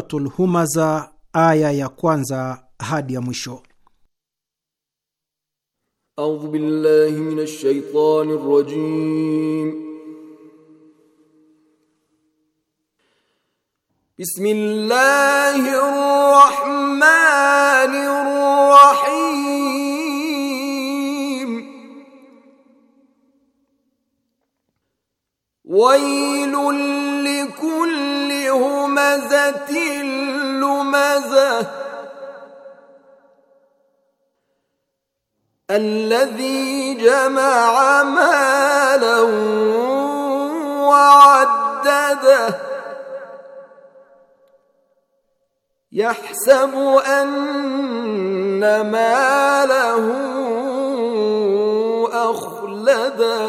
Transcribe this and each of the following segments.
Suratul Humaza aya ya kwanza hadi ya mwisho. A'udhu billahi minash shaitani rrajim. Bismillahir rahmanir rahim. Wa لمزة الذي جمع مالا وعدده يحسب أن ماله أخلده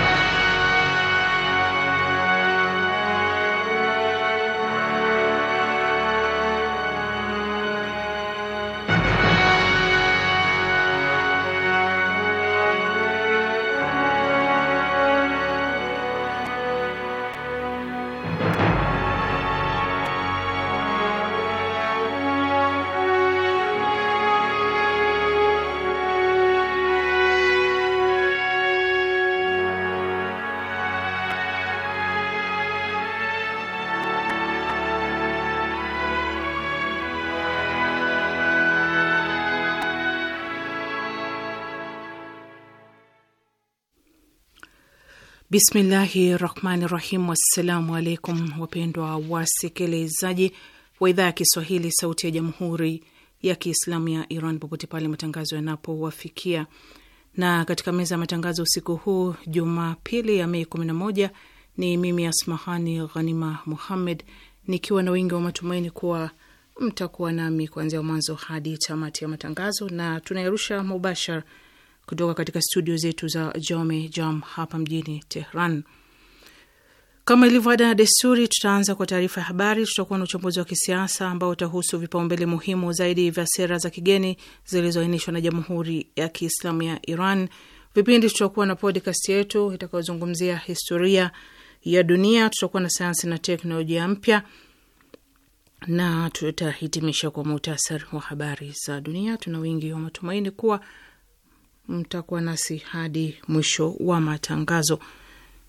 Bismillahi rahmani rahim. Wassalamu alaikum, wapendwa wasikilizaji wa idhaa ya Kiswahili sauti ya jamhuri ya Kiislamu ya Iran, popote pale matangazo yanapowafikia. Na katika meza ya matangazo usiku huu Jumapili ya Mei 11 ni mimi Asmahani Ghanima Muhammed nikiwa na wingi wa matumaini kuwa mtakuwa nami kuanzia mwanzo hadi tamati ya matangazo, na tunayarusha mubashara kutoka katika studio zetu za Jome Jam hapa mjini Tehran. Kama ilivyo ada na desturi, tutaanza kwa taarifa ya habari. Tutakuwa na uchambuzi wa kisiasa ambao utahusu vipaumbele muhimu zaidi vya sera za kigeni zilizoainishwa na Jamhuri ya Kiislamu ya Iran. Vipindi tutakuwa na podcast yetu itakayozungumzia historia ya dunia. Tutakuwa na sayansi na teknolojia mpya na tutahitimisha kwa muhtasari wa habari za dunia. Tuna wingi wa matumaini kuwa mtakuwa nasi hadi mwisho wa matangazo.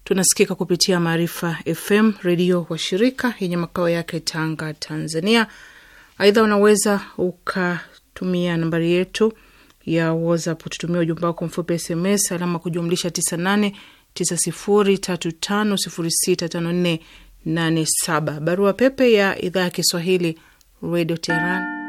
Tunasikika kupitia Maarifa FM redio wa shirika yenye makao yake Tanga, Tanzania. Aidha, unaweza ukatumia nambari yetu ya WhatsApp, tutumia ujumbe wako mfupi SMS alama kujumlisha 989035065487. Barua pepe ya idhaa ya Kiswahili Radio Tehran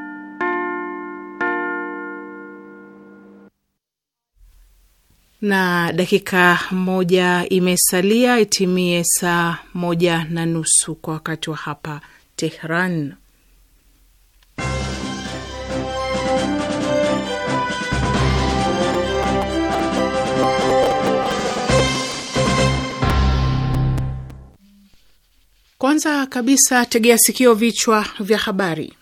na dakika moja imesalia itimie saa moja na nusu kwa wakati wa hapa Tehran. Kwanza kabisa, tegea sikio vichwa vya habari.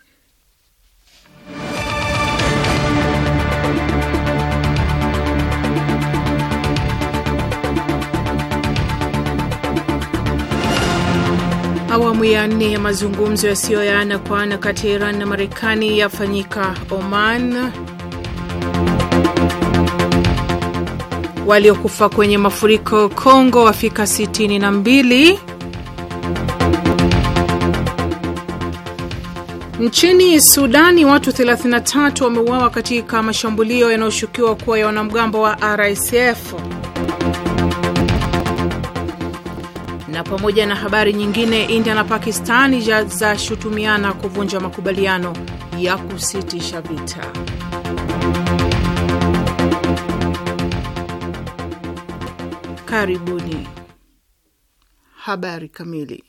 Awamu ya nne ya mazungumzo yasiyo ya ana kwa ana kati ya Iran na Marekani yafanyika Oman. Waliokufa kwenye mafuriko Kongo wafika 62. Nchini Sudani watu 33 wameuawa katika mashambulio yanayoshukiwa kuwa ya wanamgambo wa RSF. na pamoja na habari nyingine, India na Pakistani zashutumiana kuvunja makubaliano ya kusitisha vita. Karibuni habari kamili.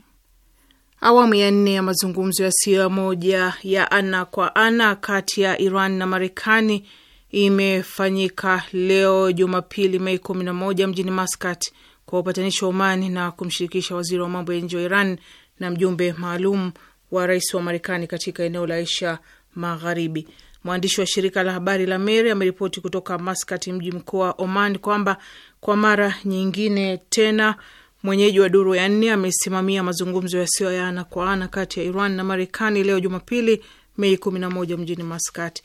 Awamu ya nne ya mazungumzo yasiyo ya moja ya ana kwa ana kati ya Iran na Marekani imefanyika leo Jumapili, Mei 11 mjini Maskat kwa upatanishi wa Oman na kumshirikisha waziri wa mambo ya nje wa Iran na mjumbe maalum wa rais wa Marekani katika eneo la Asia Magharibi. Mwandishi wa shirika la habari la mery ameripoti kutoka maskati mji mkuu wa Oman, kwamba kwa mara nyingine tena mwenyeji wa duru ya nne amesimamia mazungumzo yasiyo ya ana kwa ana kati ya Iran na Marekani leo Jumapili, Mei 11 mjini maskati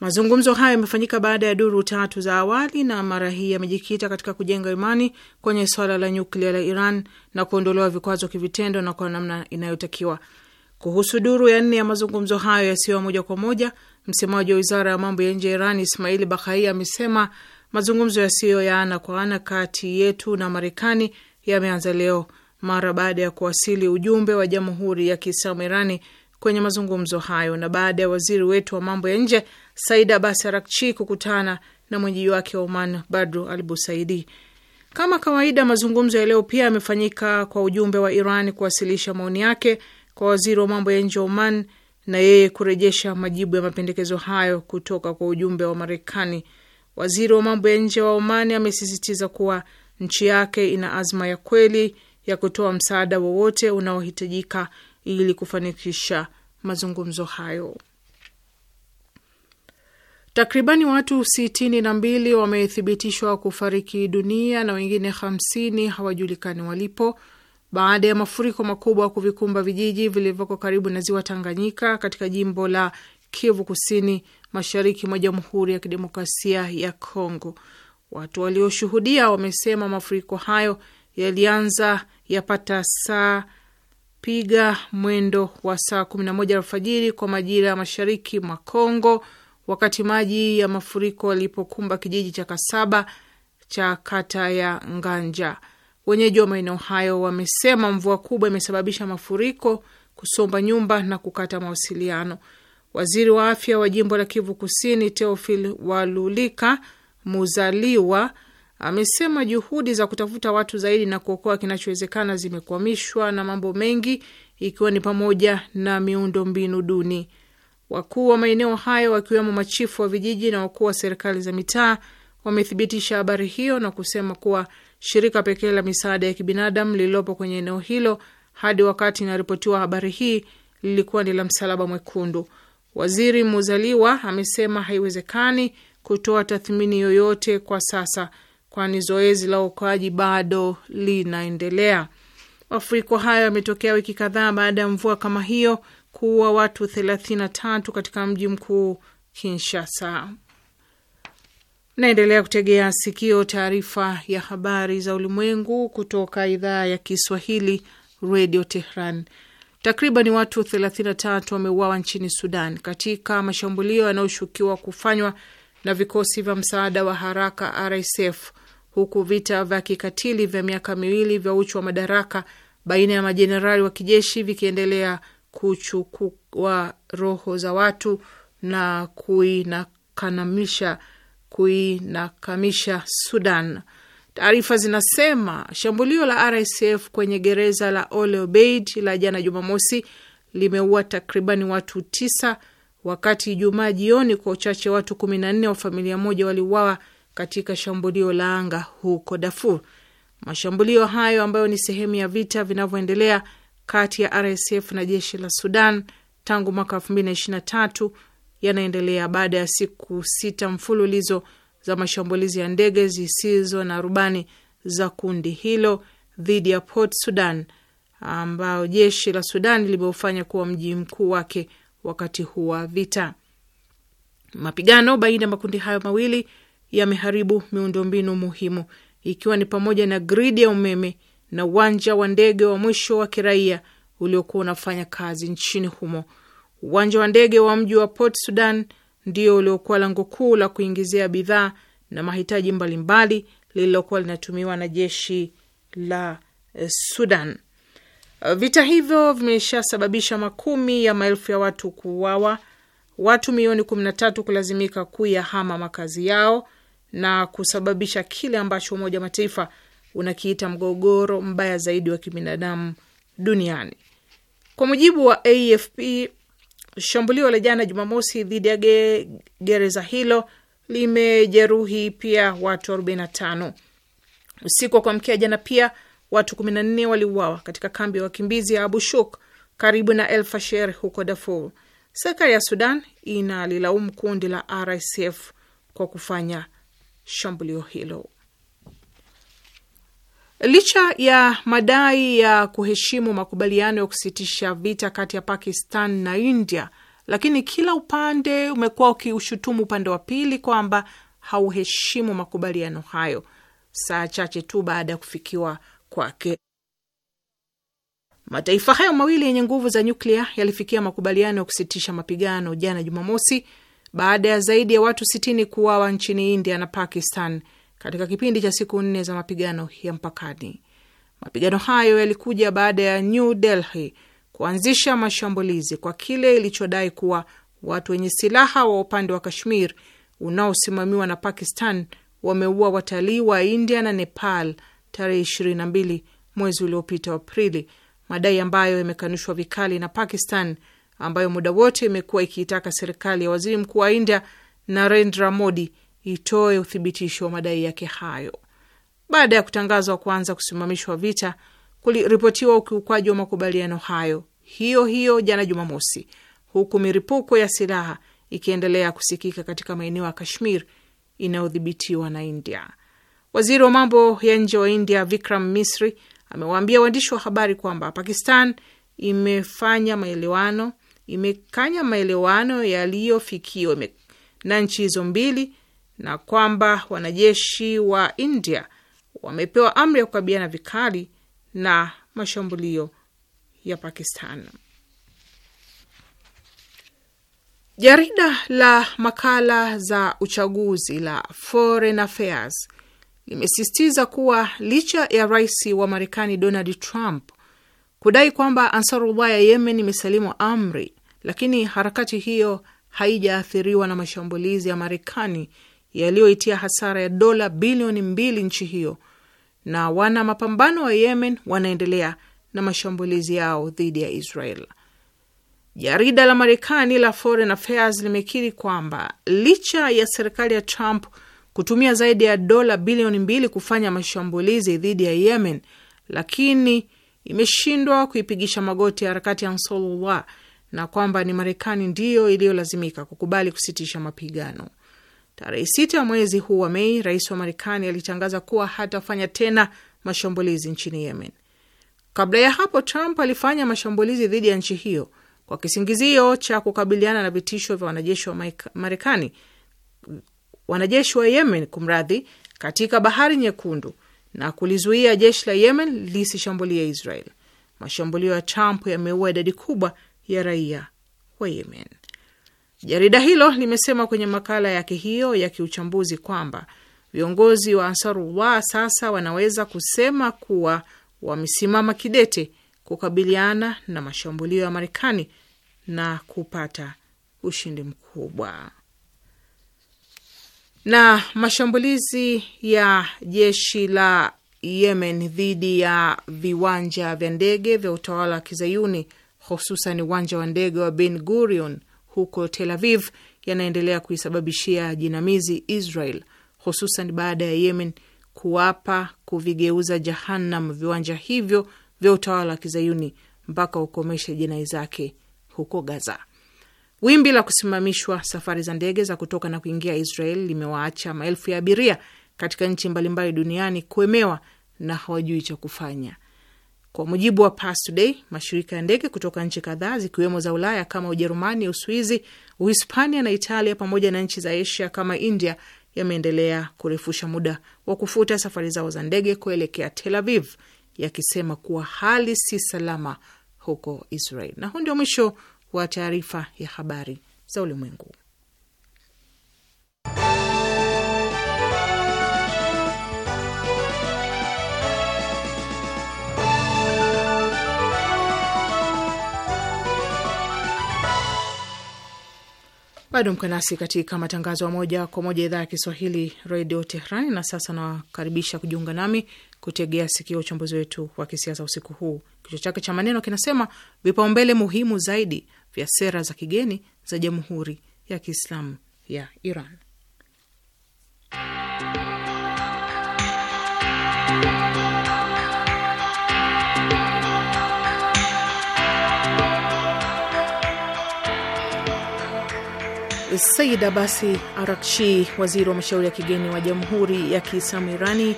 Mazungumzo hayo yamefanyika baada ya duru tatu za awali na mara hii yamejikita katika kujenga imani kwenye swala la nyuklia la Iran na kuondolewa vikwazo kivitendo na kwa namna inayotakiwa. Kuhusu duru ya nne ya mazungumzo hayo yasiyo moja kwa moja, msemaji wa wizara ya mambo ya nje ya Iran Ismaili Bakhai amesema mazungumzo yasiyo ya ana kwa ana kati yetu na Marekani yameanza leo mara baada ya kuwasili ujumbe wa Jamhuri ya Kiislamu Irani kwenye mazungumzo hayo, na baada ya waziri wetu wa mambo ya nje Said Abbas Arakchi kukutana na mwenyeji wake wa Oman Badru Al Busaidi. Kama kawaida, mazungumzo ya leo pia yamefanyika kwa ujumbe wa Iran kuwasilisha maoni yake kwa waziri wa mambo ya nje wa Oman na yeye kurejesha majibu ya mapendekezo hayo kutoka kwa ujumbe wa Marekani. Waziri wa mambo ya nje wa Oman amesisitiza kuwa nchi yake ina azma ya kweli ya kutoa msaada wowote unaohitajika ili kufanikisha mazungumzo hayo. Takribani watu sitini na mbili wamethibitishwa kufariki dunia na wengine hamsini hawajulikani walipo baada ya mafuriko makubwa kuvikumba vijiji vilivyoko karibu na ziwa Tanganyika katika jimbo la Kivu Kusini, mashariki mwa Jamhuri ya Kidemokrasia ya Kongo. Watu walioshuhudia wamesema mafuriko hayo yalianza yapata saa piga mwendo wa saa 11 alfajiri kwa majira ya mashariki mwa Kongo, wakati maji ya mafuriko yalipokumba kijiji cha Kasaba cha kata ya Nganja. Wenyeji wa maeneo hayo wamesema mvua kubwa imesababisha mafuriko, kusomba nyumba na kukata mawasiliano. Waziri wa afya wa jimbo la Kivu Kusini, Teofil Walulika Muzaliwa Amesema juhudi za kutafuta watu zaidi na kuokoa kinachowezekana zimekwamishwa na mambo mengi, ikiwa ni pamoja na miundo mbinu duni. Wakuu wa maeneo hayo wakiwemo machifu wa vijiji na wakuu wa serikali za mitaa wamethibitisha habari hiyo na kusema kuwa shirika pekee la misaada ya kibinadamu lililopo kwenye eneo hilo hadi wakati inaripotiwa habari hii lilikuwa ni la Msalaba Mwekundu. Waziri Muzaliwa amesema haiwezekani kutoa tathmini yoyote kwa sasa kwani zoezi la uokoaji bado linaendelea. Mafuriko hayo yametokea wiki kadhaa baada ya mvua kama hiyo kuua watu 33 katika mji mkuu Kinshasa. Naendelea kutegea sikio taarifa ya habari za ulimwengu kutoka idhaa ya Kiswahili, Radio Tehran. Takriban watu 33 wameuawa nchini Sudan katika mashambulio yanayoshukiwa kufanywa na vikosi vya msaada wa haraka RSF huku vita vya kikatili vya miaka miwili vya uchu wa madaraka baina ya majenerali wa kijeshi vikiendelea kuchukua roho za watu na kuinakamisha kuinakamisha Sudan. Taarifa zinasema shambulio la RSF kwenye gereza la Ole Obeid la jana Jumamosi limeua takribani watu tisa, wakati Ijumaa jioni kwa uchache watu kumi na nne wa familia moja waliuawa katika shambulio la anga huko Darfur. Mashambulio hayo ambayo ni sehemu ya vita vinavyoendelea kati ya RSF na jeshi la Sudan tangu mwaka tatu yanaendelea baada ya siku sita mfululizo za mashambulizi ya ndege zisizo na rubani za kundi hilo dhidi ya Port Sudan ambao jeshi la Sudan limeufanya kuwa mji mkuu wake wakati huu wa vita. Mapigano baina ya makundi hayo mawili yameharibu miundombinu muhimu ikiwa ni pamoja na gridi ya umeme na uwanja wa ndege wa mwisho wa kiraia uliokuwa unafanya kazi nchini humo. Uwanja wa ndege wa mji wa Port Sudan ndio uliokuwa lango kuu la kuingizia bidhaa na mahitaji mbalimbali lililokuwa linatumiwa na jeshi la eh, Sudan. Vita hivyo vimeshasababisha makumi ya maelfu ya watu kuuawa, watu milioni 13 kulazimika kuyahama makazi yao na kusababisha kile ambacho Umoja wa Mataifa unakiita mgogoro mbaya zaidi wa kibinadamu duniani. Kwa mujibu wa AFP, shambulio la jana Jumamosi dhidi ya ge, gereza hilo limejeruhi pia watu 45. Usiku wa kuamkia jana pia watu 14 waliuawa katika kambi ya wakimbizi ya Abu Shuk karibu na El Fasher huko Darfur. Serikali ya Sudan inalilaumu kundi la RSF kwa kufanya shambulio hilo. Licha ya madai ya kuheshimu makubaliano ya kusitisha vita kati ya Pakistan na India, lakini kila upande umekuwa ukiushutumu upande wa pili kwamba hauheshimu makubaliano hayo, saa chache tu baada ya kufikiwa kwake. Mataifa hayo mawili yenye nguvu za nyuklia yalifikia makubaliano ya kusitisha mapigano jana Jumamosi baada ya zaidi ya watu 60 kuuawa nchini India na Pakistan katika kipindi cha siku nne za mapigano ya mpakani. Mapigano hayo yalikuja baada ya New Delhi kuanzisha mashambulizi kwa kile ilichodai kuwa watu wenye silaha wa upande wa Kashmir unaosimamiwa na Pakistan wameua watalii wa India na Nepal tarehe 22 mwezi uliopita Aprili, madai ambayo yamekanushwa vikali na Pakistan ambayo muda wote imekuwa ikiitaka serikali ya waziri mkuu wa India Narendra Modi itoe uthibitisho wa madai yake hayo. Baada ya kutangazwa kuanza kusimamishwa vita, kuliripotiwa ukiukwaji wa makubaliano hayo hiyo hiyo jana Jumamosi, huku miripuko ya silaha ikiendelea kusikika katika maeneo ya Kashmir inayodhibitiwa na India. Waziri wa mambo ya nje wa India Vikram Misri amewaambia waandishi wa habari kwamba Pakistan imefanya maelewano imekanya maelewano yaliyofikiwa na nchi hizo mbili na kwamba wanajeshi wa India wamepewa amri ya kukabiliana vikali na mashambulio ya Pakistan. Jarida la makala za uchaguzi la Foreign Affairs limesisitiza kuwa licha ya rais wa Marekani Donald Trump kudai kwamba Ansarullah ya Yemen imesalimu amri lakini harakati hiyo haijaathiriwa na mashambulizi ya Marekani yaliyoitia hasara ya dola bilioni mbili nchi hiyo, na wana mapambano wa Yemen wanaendelea na mashambulizi yao dhidi ya Israel. Jarida la Marekani la Foreign Affairs limekiri kwamba licha ya serikali ya Trump kutumia zaidi ya dola bilioni mbili kufanya mashambulizi dhidi ya Yemen, lakini imeshindwa kuipigisha magoti ya harakati ya Ansarullah na kwamba ni Marekani ndiyo iliyolazimika kukubali kusitisha mapigano. Tarehe sita mwezi huu wa Mei, rais wa Marekani alitangaza kuwa hatafanya tena mashambulizi nchini Yemen. Kabla ya hapo, Trump alifanya mashambulizi dhidi ya nchi hiyo kwa kisingizio cha kukabiliana na vitisho vya wanajeshi wa Marekani, wanajeshi wa Yemen kumradhi, katika Bahari Nyekundu na kulizuia jeshi la Yemen lisishambulie Israel. Mashambulio ya Trump yameua idadi kubwa ya raia wa Yemen. Jarida hilo limesema kwenye makala yake hiyo ya kiuchambuzi kwamba viongozi wa Ansarullah sasa wanaweza kusema kuwa wamesimama kidete kukabiliana na mashambulio ya Marekani na kupata ushindi mkubwa. Na mashambulizi ya jeshi la Yemen dhidi ya viwanja vya ndege vya utawala wa kizayuni hususan uwanja wa ndege wa Ben Gurion huko Tel Aviv yanaendelea kuisababishia jinamizi Israel, hususan baada ya Yemen kuwapa kuvigeuza jahannam viwanja hivyo vya utawala wa kizayuni mpaka ukomeshe jinai zake huko Gaza. Wimbi la kusimamishwa safari za ndege za kutoka na kuingia Israel limewaacha maelfu ya abiria katika nchi mbalimbali duniani kuemewa na hawajui cha kufanya. Kwa mujibu wa Pars Today, mashirika ya ndege kutoka nchi kadhaa zikiwemo za Ulaya kama Ujerumani, Uswizi, Uhispania na Italia pamoja na nchi za Asia kama India yameendelea kurefusha muda wa kufuta safari zao za ndege kuelekea Tel Aviv, yakisema kuwa hali si salama huko Israel. Na huu ndio mwisho wa taarifa ya habari za ulimwengu. Bado mko nasi katika matangazo ya moja kwa moja idhaa ya Kiswahili redio Tehrani. Na sasa nawakaribisha kujiunga nami kutegea sikio uchambuzi wetu wa kisiasa usiku huu. Kichwa chake cha maneno kinasema vipaumbele muhimu zaidi vya sera za kigeni za Jamhuri ya Kiislamu ya Iran. Said Abasi Arakshi, waziri wa mashauri ya kigeni wa Jamhuri ya Kiislamu Irani,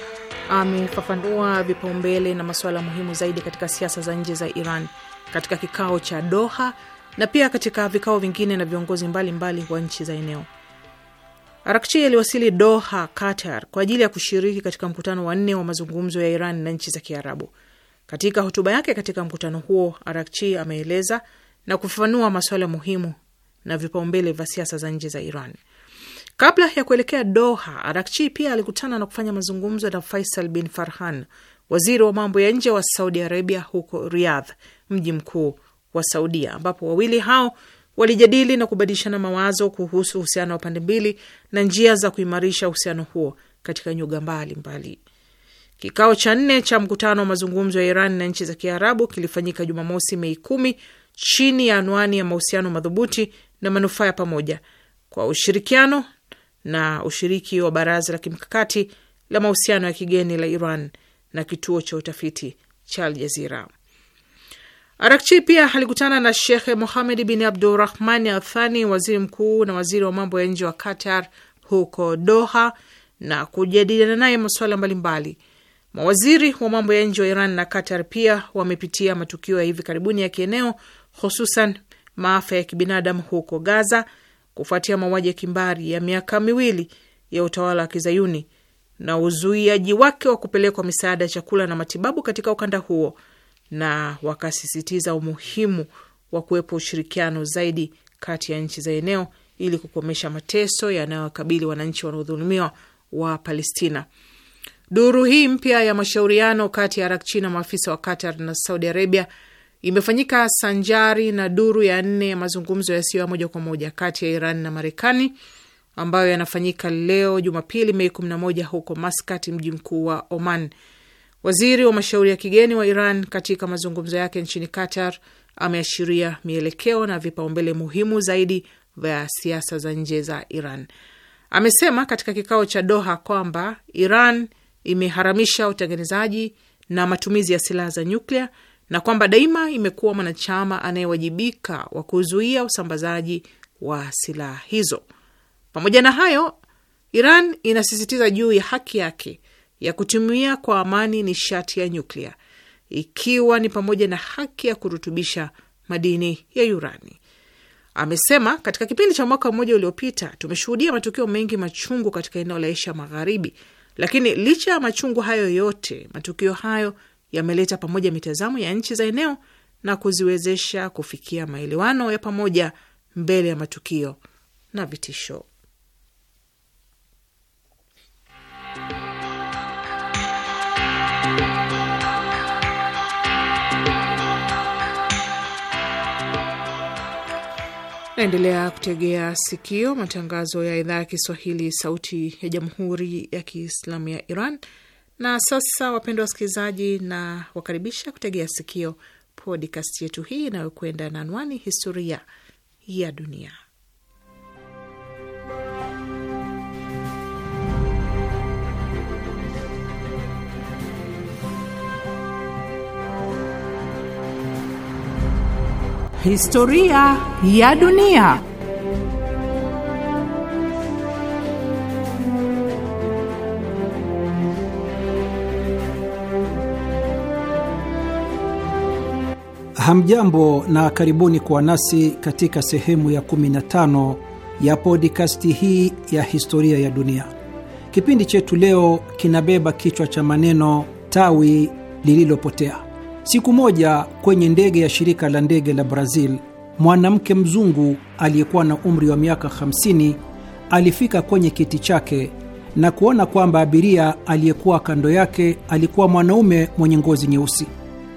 amefafanua vipaumbele na masuala muhimu zaidi katika siasa za nje za Iran katika kikao cha Doha na pia katika vikao vingine na viongozi mbalimbali wa nchi za eneo. Arakchi aliwasili Doha, Qatar, kwa ajili ya kushiriki katika mkutano wa nne wa mazungumzo ya Iran na nchi za Kiarabu. Katika hotuba yake katika mkutano huo, Arakchi ameeleza na kufafanua masuala muhimu na vipaumbele vya siasa za nje za Iran. Kabla ya kuelekea Doha, Arakchi pia alikutana na kufanya mazungumzo na Faisal bin Farhan, waziri wa mambo ya nje wa Saudi Arabia, huko Riyadh, mji mkuu wa Saudia, ambapo wawili hao walijadili na kubadilishana mawazo kuhusu uhusiano wa pande mbili na njia za kuimarisha uhusiano huo katika nyuga mbalimbali. Kikao cha nne cha mkutano wa mazungumzo ya Iran na nchi za Kiarabu kilifanyika Jumamosi, Mei kumi, chini ya anwani ya mahusiano madhubuti na manufaa ya pamoja kwa ushirikiano na ushiriki wa baraza la kimkakati la mahusiano ya kigeni la Iran na kituo cha utafiti cha Aljazira. Arakchi pia alikutana na Shekhe Mohamed bin Abdurahman Athani, waziri mkuu na waziri wa mambo ya nje wa Qatar huko Doha, na kujadiliana naye masuala mbalimbali. Mawaziri wa mambo ya nje wa Iran na Qatar pia wamepitia matukio ya hivi karibuni ya kieneo, hususan maafa ya kibinadamu huko Gaza kufuatia mauaji ya kimbari ya miaka miwili ya utawala wa kizayuni na uzuiaji wake wa kupelekwa misaada ya chakula na matibabu katika ukanda huo, na wakasisitiza umuhimu wa kuwepo ushirikiano zaidi kati ya nchi za eneo ili kukomesha mateso yanayowakabili wananchi wanaodhulumiwa wa Palestina. Duru hii mpya ya mashauriano kati ya Arak na maafisa wa Qatar na Saudi Arabia imefanyika sanjari na duru ya nne ya mazungumzo yasiyo ya moja kwa moja kati ya Iran na Marekani ambayo yanafanyika leo Jumapili, Mei 11 huko Maskat, mji mkuu wa Oman. Waziri wa mashauri ya kigeni wa Iran katika mazungumzo yake nchini Qatar ameashiria mielekeo na vipaumbele muhimu zaidi vya siasa za nje za Iran. Amesema katika kikao cha Doha kwamba Iran imeharamisha utengenezaji na matumizi ya silaha za nyuklia na kwamba daima imekuwa mwanachama anayewajibika wa kuzuia usambazaji wa silaha hizo. Pamoja na hayo, Iran inasisitiza juu ya haki yake ya kutumia kwa amani nishati ya nyuklia, ikiwa ni pamoja na haki ya kurutubisha madini ya urani. Amesema katika kipindi cha mwaka mmoja uliopita tumeshuhudia matukio mengi machungu katika eneo la Asia Magharibi, lakini licha ya machungu hayo yote, matukio hayo yameleta pamoja mitazamo ya nchi za eneo na kuziwezesha kufikia maelewano ya pamoja mbele ya matukio na vitisho. Naendelea kutegea sikio matangazo ya idhaa ya Kiswahili, sauti ya jamhuri ya kiislamu ya Iran na sasa, wapendwa wasikilizaji, na wakaribisha kutegea sikio podcast yetu hii inayokwenda na anwani historia ya dunia. Historia ya dunia. Hamjambo na karibuni kuwa nasi katika sehemu ya 15 ya podikasti hii ya historia ya dunia. Kipindi chetu leo kinabeba kichwa cha maneno tawi lililopotea. Siku moja kwenye ndege ya shirika la ndege la Brazil, mwanamke mzungu aliyekuwa na umri wa miaka 50 alifika kwenye kiti chake na kuona kwamba abiria aliyekuwa kando yake alikuwa mwanaume mwenye ngozi nyeusi.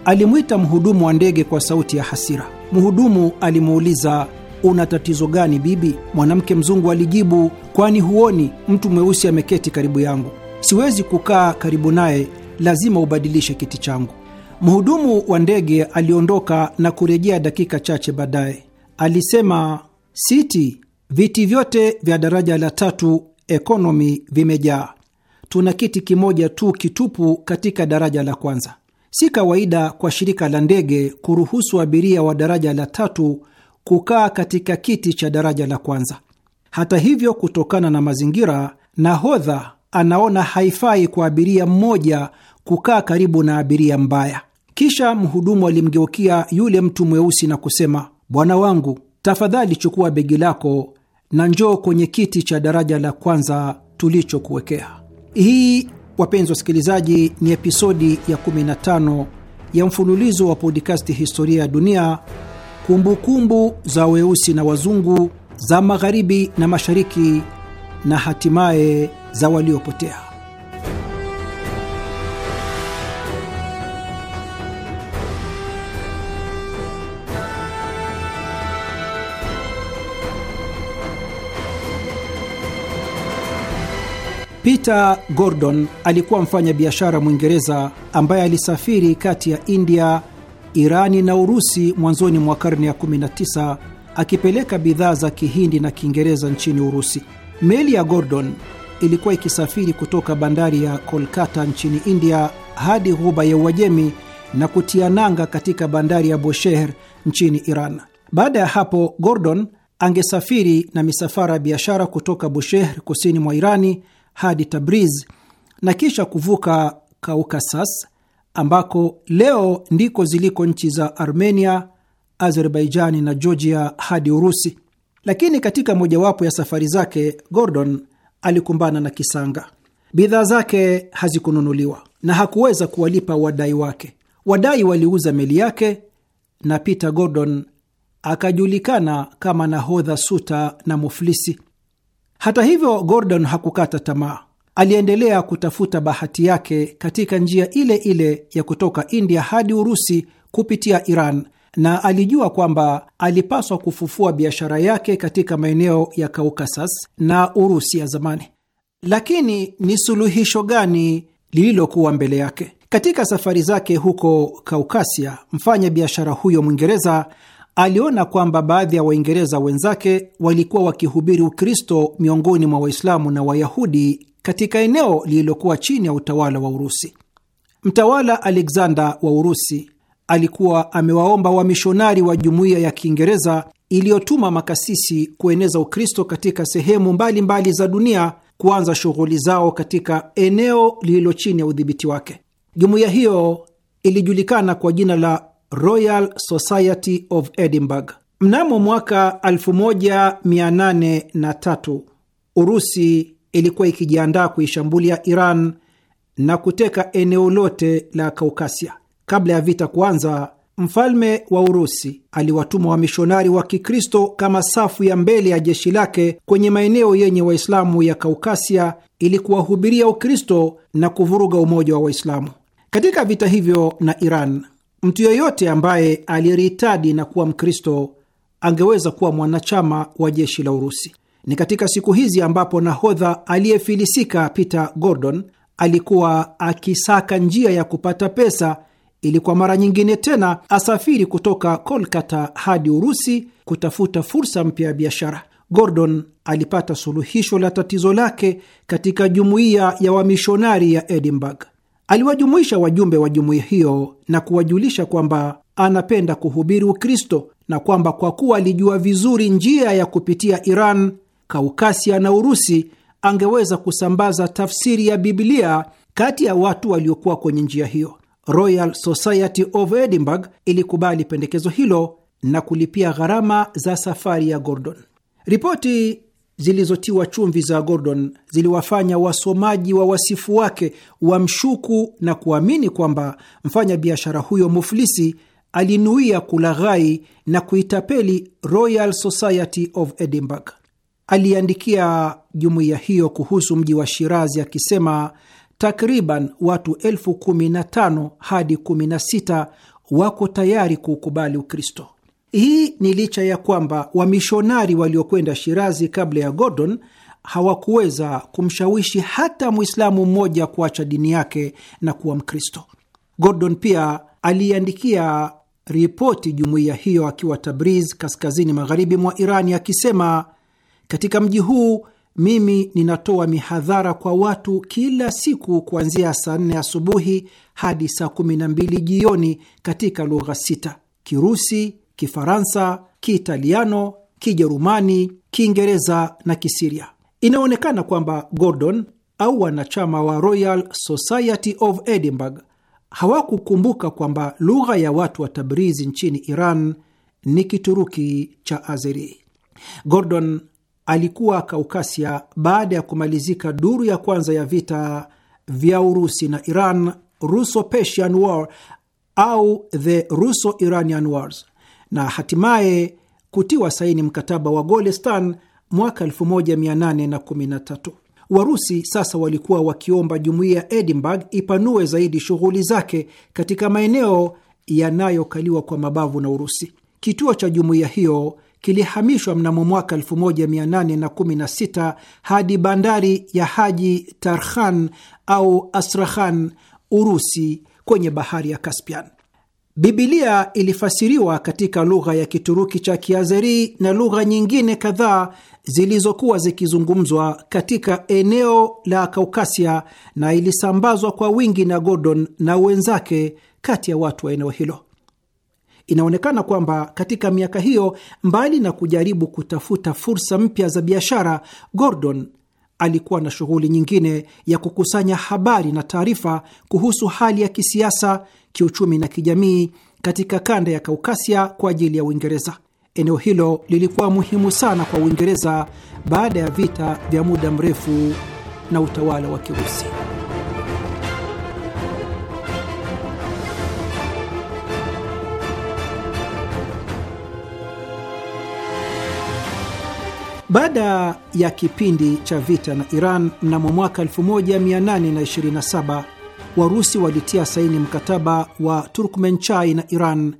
Alimwita mhudumu wa ndege kwa sauti ya hasira. Mhudumu alimuuliza, una tatizo gani bibi? Mwanamke mzungu alijibu, kwani huoni mtu mweusi ameketi karibu yangu? Siwezi kukaa karibu naye, lazima ubadilishe kiti changu. Mhudumu wa ndege aliondoka na kurejea dakika chache baadaye. Alisema, siti, viti vyote vya daraja la tatu ekonomi vimejaa, tuna kiti kimoja tu kitupu katika daraja la kwanza. Si kawaida kwa shirika la ndege kuruhusu abiria wa daraja la tatu kukaa katika kiti cha daraja la kwanza. Hata hivyo, kutokana na mazingira, nahodha anaona haifai kwa abiria mmoja kukaa karibu na abiria mbaya. Kisha mhudumu alimgeukia yule mtu mweusi na kusema, bwana wangu, tafadhali chukua begi lako na njoo kwenye kiti cha daraja la kwanza tulichokuwekea. Hii Wapenzi wasikilizaji, ni episodi ya 15 ya mfululizo wa podikasti Historia ya Dunia, kumbukumbu kumbu za weusi na wazungu, za magharibi na mashariki, na hatimaye za waliopotea. Peter Gordon alikuwa mfanyabiashara Mwingereza ambaye alisafiri kati ya India, Irani na Urusi mwanzoni mwa karne ya 19 akipeleka bidhaa za Kihindi na Kiingereza nchini Urusi. Meli ya Gordon ilikuwa ikisafiri kutoka bandari ya Kolkata nchini India hadi ghuba ya Uajemi na kutia nanga katika bandari ya Bushehr nchini Iran. Baada ya hapo, Gordon angesafiri na misafara ya biashara kutoka Bushehr kusini mwa Irani hadi Tabriz na kisha kuvuka Kaukasas ambako leo ndiko ziliko nchi za Armenia, Azerbaijani na Georgia hadi Urusi. Lakini katika mojawapo ya safari zake Gordon alikumbana na kisanga. Bidhaa zake hazikununuliwa na hakuweza kuwalipa wadai wake. Wadai waliuza meli yake na Peter Gordon akajulikana kama nahodha suta na muflisi. Hata hivyo, Gordon hakukata tamaa. Aliendelea kutafuta bahati yake katika njia ile ile ya kutoka India hadi Urusi kupitia Iran, na alijua kwamba alipaswa kufufua biashara yake katika maeneo ya Kaukasas na Urusi ya zamani. Lakini ni suluhisho gani lililokuwa mbele yake? Katika safari zake huko Kaukasia, mfanya biashara huyo Mwingereza aliona kwamba baadhi ya Waingereza wenzake walikuwa wakihubiri Ukristo miongoni mwa Waislamu na Wayahudi katika eneo lililokuwa chini ya utawala wa Urusi. Mtawala Alexander wa Urusi alikuwa amewaomba wamishonari wa, jumuiya ya Kiingereza iliyotuma makasisi kueneza Ukristo katika sehemu mbalimbali mbali za dunia kuanza shughuli zao katika eneo lililo chini ya udhibiti wake. Jumuiya hiyo ilijulikana kwa jina la Royal Society of Edinburgh. Mnamo mwaka 1803 Urusi ilikuwa ikijiandaa kuishambulia Iran na kuteka eneo lote la Kaukasia. Kabla ya vita kuanza, mfalme wa Urusi aliwatuma wamishonari wa Kikristo kama safu ya mbele ya jeshi lake kwenye maeneo yenye Waislamu ya Kaukasia ili kuwahubiria Ukristo na kuvuruga umoja wa Waislamu. Katika vita hivyo na Iran, Mtu yeyote ambaye aliritadi na kuwa Mkristo angeweza kuwa mwanachama wa jeshi la Urusi. Ni katika siku hizi ambapo nahodha aliyefilisika Peter Gordon alikuwa akisaka njia ya kupata pesa ili kwa mara nyingine tena asafiri kutoka Kolkata hadi Urusi kutafuta fursa mpya ya biashara. Gordon alipata suluhisho la tatizo lake katika jumuiya ya wamishonari ya Edinburgh. Aliwajumuisha wajumbe wa jumuiya hiyo na kuwajulisha kwamba anapenda kuhubiri Ukristo na kwamba kwa kuwa alijua vizuri njia ya kupitia Iran, Kaukasia na Urusi, angeweza kusambaza tafsiri ya Biblia kati ya watu waliokuwa kwenye njia hiyo. Royal Society of Edinburgh ilikubali pendekezo hilo na kulipia gharama za safari ya Gordon. Ripoti zilizotiwa chumvi za Gordon ziliwafanya wasomaji wa wasifu wake wamshuku na kuamini kwamba mfanya biashara huyo muflisi alinuia kulaghai na kuitapeli Royal Society of Edinburgh. Aliandikia jumuiya hiyo kuhusu mji wa Shirazi akisema takriban watu elfu kumi na tano hadi kumi na sita wako tayari kuukubali Ukristo. Hii ni licha ya kwamba wamishonari waliokwenda Shirazi kabla ya Gordon hawakuweza kumshawishi hata Mwislamu mmoja kuacha dini yake na kuwa Mkristo. Gordon pia aliiandikia ripoti jumuiya hiyo akiwa Tabriz, kaskazini magharibi mwa Irani, akisema katika mji huu mimi ninatoa mihadhara kwa watu kila siku kuanzia saa nne asubuhi hadi saa kumi na mbili jioni katika lugha sita: Kirusi, Kifaransa, Kiitaliano, Kijerumani, Kiingereza na Kisiria. Inaonekana kwamba Gordon au wanachama wa Royal Society of Edinburgh hawakukumbuka kwamba lugha ya watu wa Tabrizi nchini Iran ni Kituruki cha Azeri. Gordon alikuwa Kaukasia baada ya kumalizika duru ya kwanza ya vita vya Urusi na Iran, Russo-Persian War au the Russo-Iranian Wars na hatimaye kutiwa saini mkataba wa Golestan mwaka 1813. Warusi sasa walikuwa wakiomba jumuiya ya edinburg ipanue zaidi shughuli zake katika maeneo yanayokaliwa kwa mabavu na Urusi. Kituo cha jumuiya hiyo kilihamishwa mnamo mwaka 1816 hadi bandari ya Haji Tarhan au Astrakhan, Urusi, kwenye bahari ya Caspian. Bibilia ilifasiriwa katika lugha ya Kituruki cha Kiazeri na lugha nyingine kadhaa zilizokuwa zikizungumzwa katika eneo la Kaukasia na ilisambazwa kwa wingi na Gordon na wenzake kati ya watu wa eneo hilo. Inaonekana kwamba katika miaka hiyo, mbali na kujaribu kutafuta fursa mpya za biashara, Gordon alikuwa na shughuli nyingine ya kukusanya habari na taarifa kuhusu hali ya kisiasa, kiuchumi na kijamii katika kanda ya Kaukasia kwa ajili ya Uingereza. Eneo hilo lilikuwa muhimu sana kwa Uingereza baada ya vita vya muda mrefu na utawala wa Kirusi. Baada ya kipindi cha vita na Iran mnamo mwaka 1827 Warusi walitia saini mkataba wa Turkmenchai na Iran,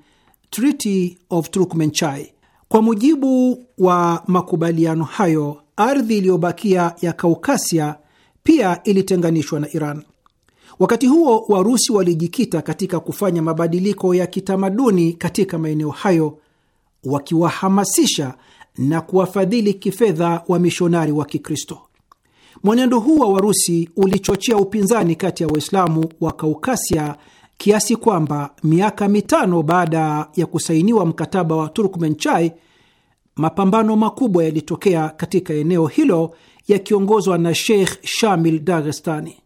Treaty of Turkmenchai. Kwa mujibu wa makubaliano hayo, ardhi iliyobakia ya Kaukasia pia ilitenganishwa na Iran. Wakati huo Warusi walijikita katika kufanya mabadiliko ya kitamaduni katika maeneo hayo, wakiwahamasisha na kuwafadhili kifedha wa mishonari wa Kikristo. Mwenendo huu wa Warusi ulichochea upinzani kati ya Waislamu wa Kaukasia kiasi kwamba miaka mitano baada ya kusainiwa mkataba wa Turkmenchai, mapambano makubwa yalitokea katika eneo hilo yakiongozwa na Sheikh Shamil Dagestani.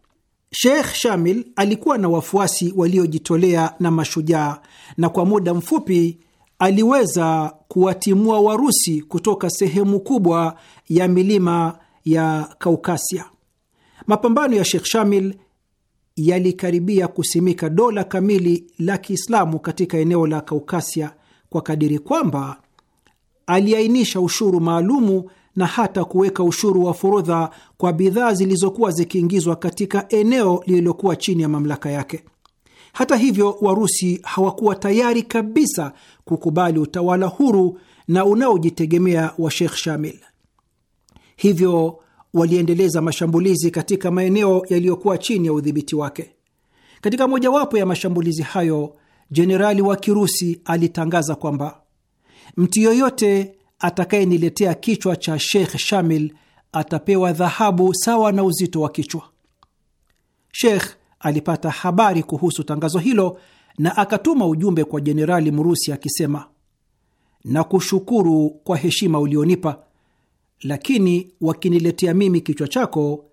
Sheikh Shamil alikuwa na wafuasi waliojitolea na mashujaa, na kwa muda mfupi aliweza kuwatimua Warusi kutoka sehemu kubwa ya milima ya Kaukasia. Mapambano ya Sheikh Shamil yalikaribia kusimika dola kamili la Kiislamu katika eneo la Kaukasia kwa kadiri kwamba aliainisha ushuru maalumu na hata kuweka ushuru wa forodha kwa bidhaa zilizokuwa zikiingizwa katika eneo lililokuwa chini ya mamlaka yake. Hata hivyo, Warusi hawakuwa tayari kabisa kukubali utawala huru na unaojitegemea wa Sheikh Shamil, hivyo waliendeleza mashambulizi katika maeneo yaliyokuwa chini ya udhibiti wake. Katika mojawapo ya mashambulizi hayo, jenerali wa Kirusi alitangaza kwamba mtu yoyote atakayeniletea kichwa cha Sheikh Shamil atapewa dhahabu sawa na uzito wa kichwa. Sheikh alipata habari kuhusu tangazo hilo na akatuma ujumbe kwa jenerali Mrusi akisema, nakushukuru kwa heshima ulionipa, lakini wakiniletea mimi kichwa chako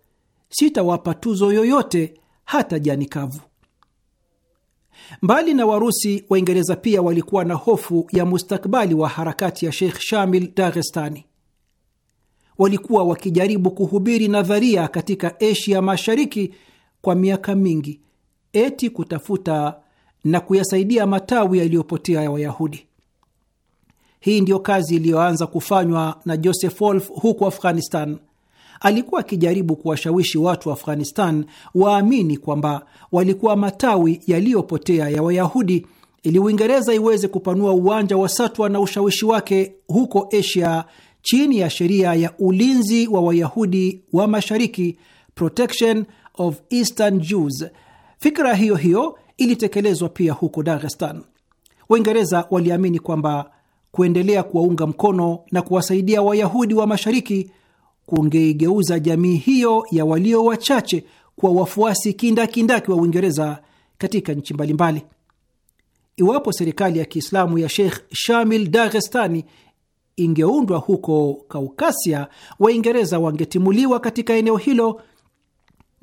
sitawapa tuzo yoyote, hata jani kavu. Mbali na Warusi, Waingereza pia walikuwa na hofu ya mustakbali wa harakati ya Sheikh Shamil Daghestani. Walikuwa wakijaribu kuhubiri nadharia katika Asia Mashariki kwa miaka mingi, eti kutafuta na kuyasaidia matawi yaliyopotea ya Wayahudi. Hii ndiyo kazi iliyoanza kufanywa na Joseph Wolf huko Afghanistan. Alikuwa akijaribu kuwashawishi watu wa Afghanistan waamini kwamba walikuwa matawi yaliyopotea ya Wayahudi ili Uingereza iweze kupanua uwanja wa satwa na ushawishi wake huko Asia chini ya sheria ya ulinzi wa Wayahudi wa Mashariki, Protection of Eastern Jews. Fikra hiyo hiyo ilitekelezwa pia huko Dagestan. Waingereza waliamini kwamba kuendelea kuwaunga mkono na kuwasaidia Wayahudi wa mashariki kungeigeuza jamii hiyo ya walio wachache kwa wafuasi kindakindaki wa Uingereza katika nchi mbalimbali. Iwapo serikali ya Kiislamu ya Sheikh Shamil Dagestani ingeundwa huko Kaukasia, Waingereza wangetimuliwa katika eneo hilo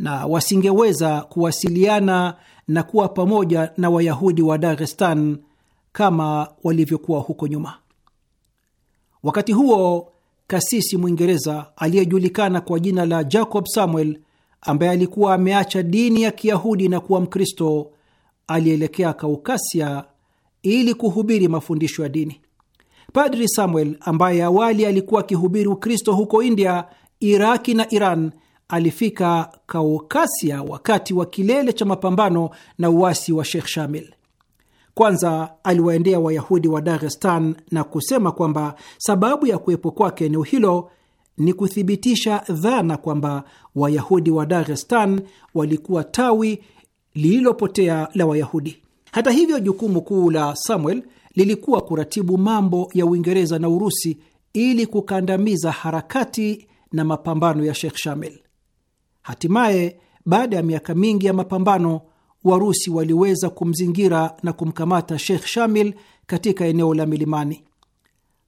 na wasingeweza kuwasiliana na kuwa pamoja na Wayahudi wa darestan kama walivyokuwa huko nyuma. Wakati huo kasisi Mwingereza aliyejulikana kwa jina la Jacob Samuel, ambaye alikuwa ameacha dini ya Kiyahudi na kuwa Mkristo, alielekea Kaukasia ili kuhubiri mafundisho ya dini. Padri Samuel, ambaye awali alikuwa akihubiri Ukristo huko India, Iraki na Iran, alifika Kaukasia wakati wa kilele cha mapambano na uasi wa Sheikh Shamil. Kwanza aliwaendea Wayahudi wa Dagestan na kusema kwamba sababu ya kuwepo kwake eneo hilo ni kuthibitisha dhana kwamba Wayahudi wa Dagestan walikuwa tawi lililopotea la Wayahudi. Hata hivyo, jukumu kuu la Samuel lilikuwa kuratibu mambo ya Uingereza na Urusi ili kukandamiza harakati na mapambano ya Sheikh Shamil. Hatimaye, baada ya miaka mingi ya mapambano, Warusi waliweza kumzingira na kumkamata Sheikh Shamil katika eneo la milimani.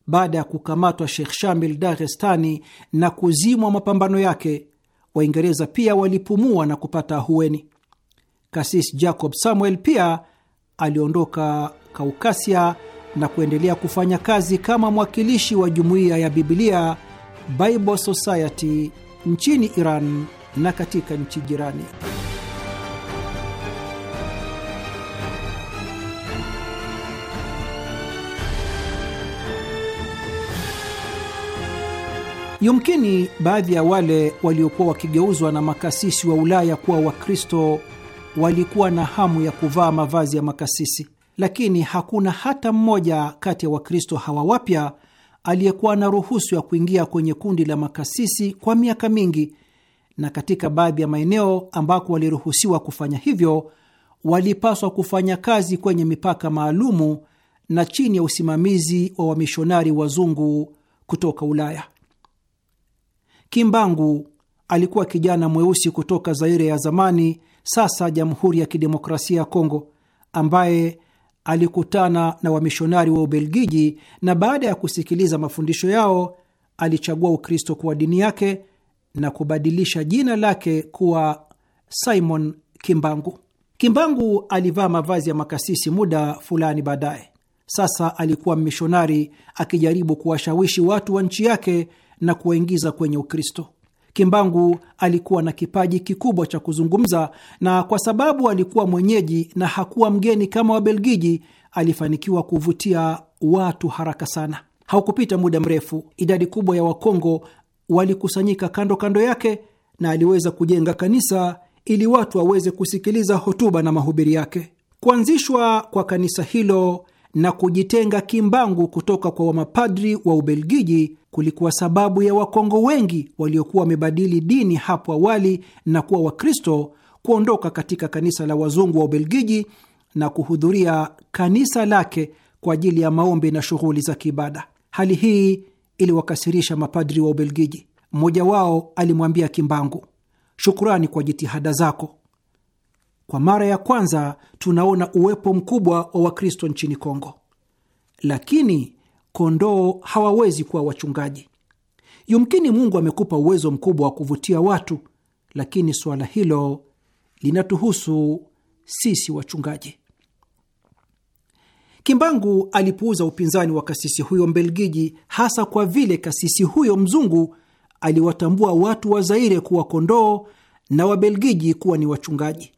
Baada ya kukamatwa Sheikh Shamil darestani na kuzimwa mapambano yake, Waingereza pia walipumua na kupata ahueni. kasis Jacob Samuel pia aliondoka Kaukasia na kuendelea kufanya kazi kama mwakilishi wa jumuiya ya Bibilia Bible Society nchini Iran na katika nchi jirani. Yumkini baadhi ya wale waliokuwa wakigeuzwa na makasisi wa Ulaya kuwa Wakristo walikuwa na hamu ya kuvaa mavazi ya makasisi, lakini hakuna hata mmoja kati ya Wakristo hawa wapya aliyekuwa na ruhusu ya kuingia kwenye kundi la makasisi kwa miaka mingi na katika baadhi ya maeneo ambako waliruhusiwa kufanya hivyo, walipaswa kufanya kazi kwenye mipaka maalumu na chini ya usimamizi wa wamishonari wazungu kutoka Ulaya. Kimbangu alikuwa kijana mweusi kutoka Zaire ya zamani, sasa Jamhuri ya Kidemokrasia ya Kongo, ambaye alikutana na wamishonari wa Ubelgiji na baada ya kusikiliza mafundisho yao alichagua Ukristo kuwa dini yake na kubadilisha jina lake kuwa Simon Kimbangu. Kimbangu alivaa mavazi ya makasisi muda fulani baadaye. Sasa alikuwa mmishonari akijaribu kuwashawishi watu wa nchi yake na kuwaingiza kwenye Ukristo. Kimbangu alikuwa na kipaji kikubwa cha kuzungumza, na kwa sababu alikuwa mwenyeji na hakuwa mgeni kama Wabelgiji, alifanikiwa kuvutia watu haraka sana. Haukupita muda mrefu, idadi kubwa ya Wakongo walikusanyika kando kando yake na aliweza kujenga kanisa ili watu waweze kusikiliza hotuba na mahubiri yake. Kuanzishwa kwa kanisa hilo na kujitenga kimbangu kutoka kwa wamapadri wa Ubelgiji kulikuwa sababu ya Wakongo wengi waliokuwa wamebadili dini hapo awali na kuwa Wakristo kuondoka katika kanisa la wazungu wa Ubelgiji na kuhudhuria kanisa lake kwa ajili ya maombi na shughuli za kiibada. Hali hii iliwakasirisha mapadri wa Ubelgiji. Mmoja wao alimwambia Kimbangu, shukrani kwa jitihada zako. Kwa mara ya kwanza tunaona uwepo mkubwa wa Wakristo nchini Kongo, lakini kondoo hawawezi kuwa wachungaji. Yumkini Mungu amekupa uwezo mkubwa wa kuvutia watu, lakini suala hilo linatuhusu sisi wachungaji. Kimbangu alipuuza upinzani wa kasisi huyo Mbelgiji, hasa kwa vile kasisi huyo mzungu aliwatambua watu wa Zaire kuwa kondoo na Wabelgiji kuwa ni wachungaji.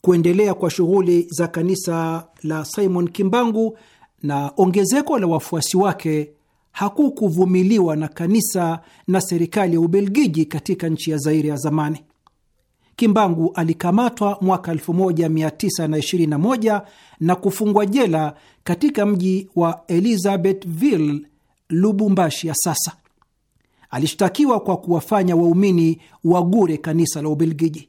Kuendelea kwa shughuli za kanisa la Simon Kimbangu na ongezeko la wafuasi wake hakukuvumiliwa na kanisa na serikali ya Ubelgiji katika nchi ya Zaire ya zamani. Kimbangu alikamatwa mwaka 1921 na kufungwa jela katika mji wa Elizabethville, Lubumbashi ya sasa. Alishtakiwa kwa kuwafanya waumini wagure kanisa la Ubelgiji.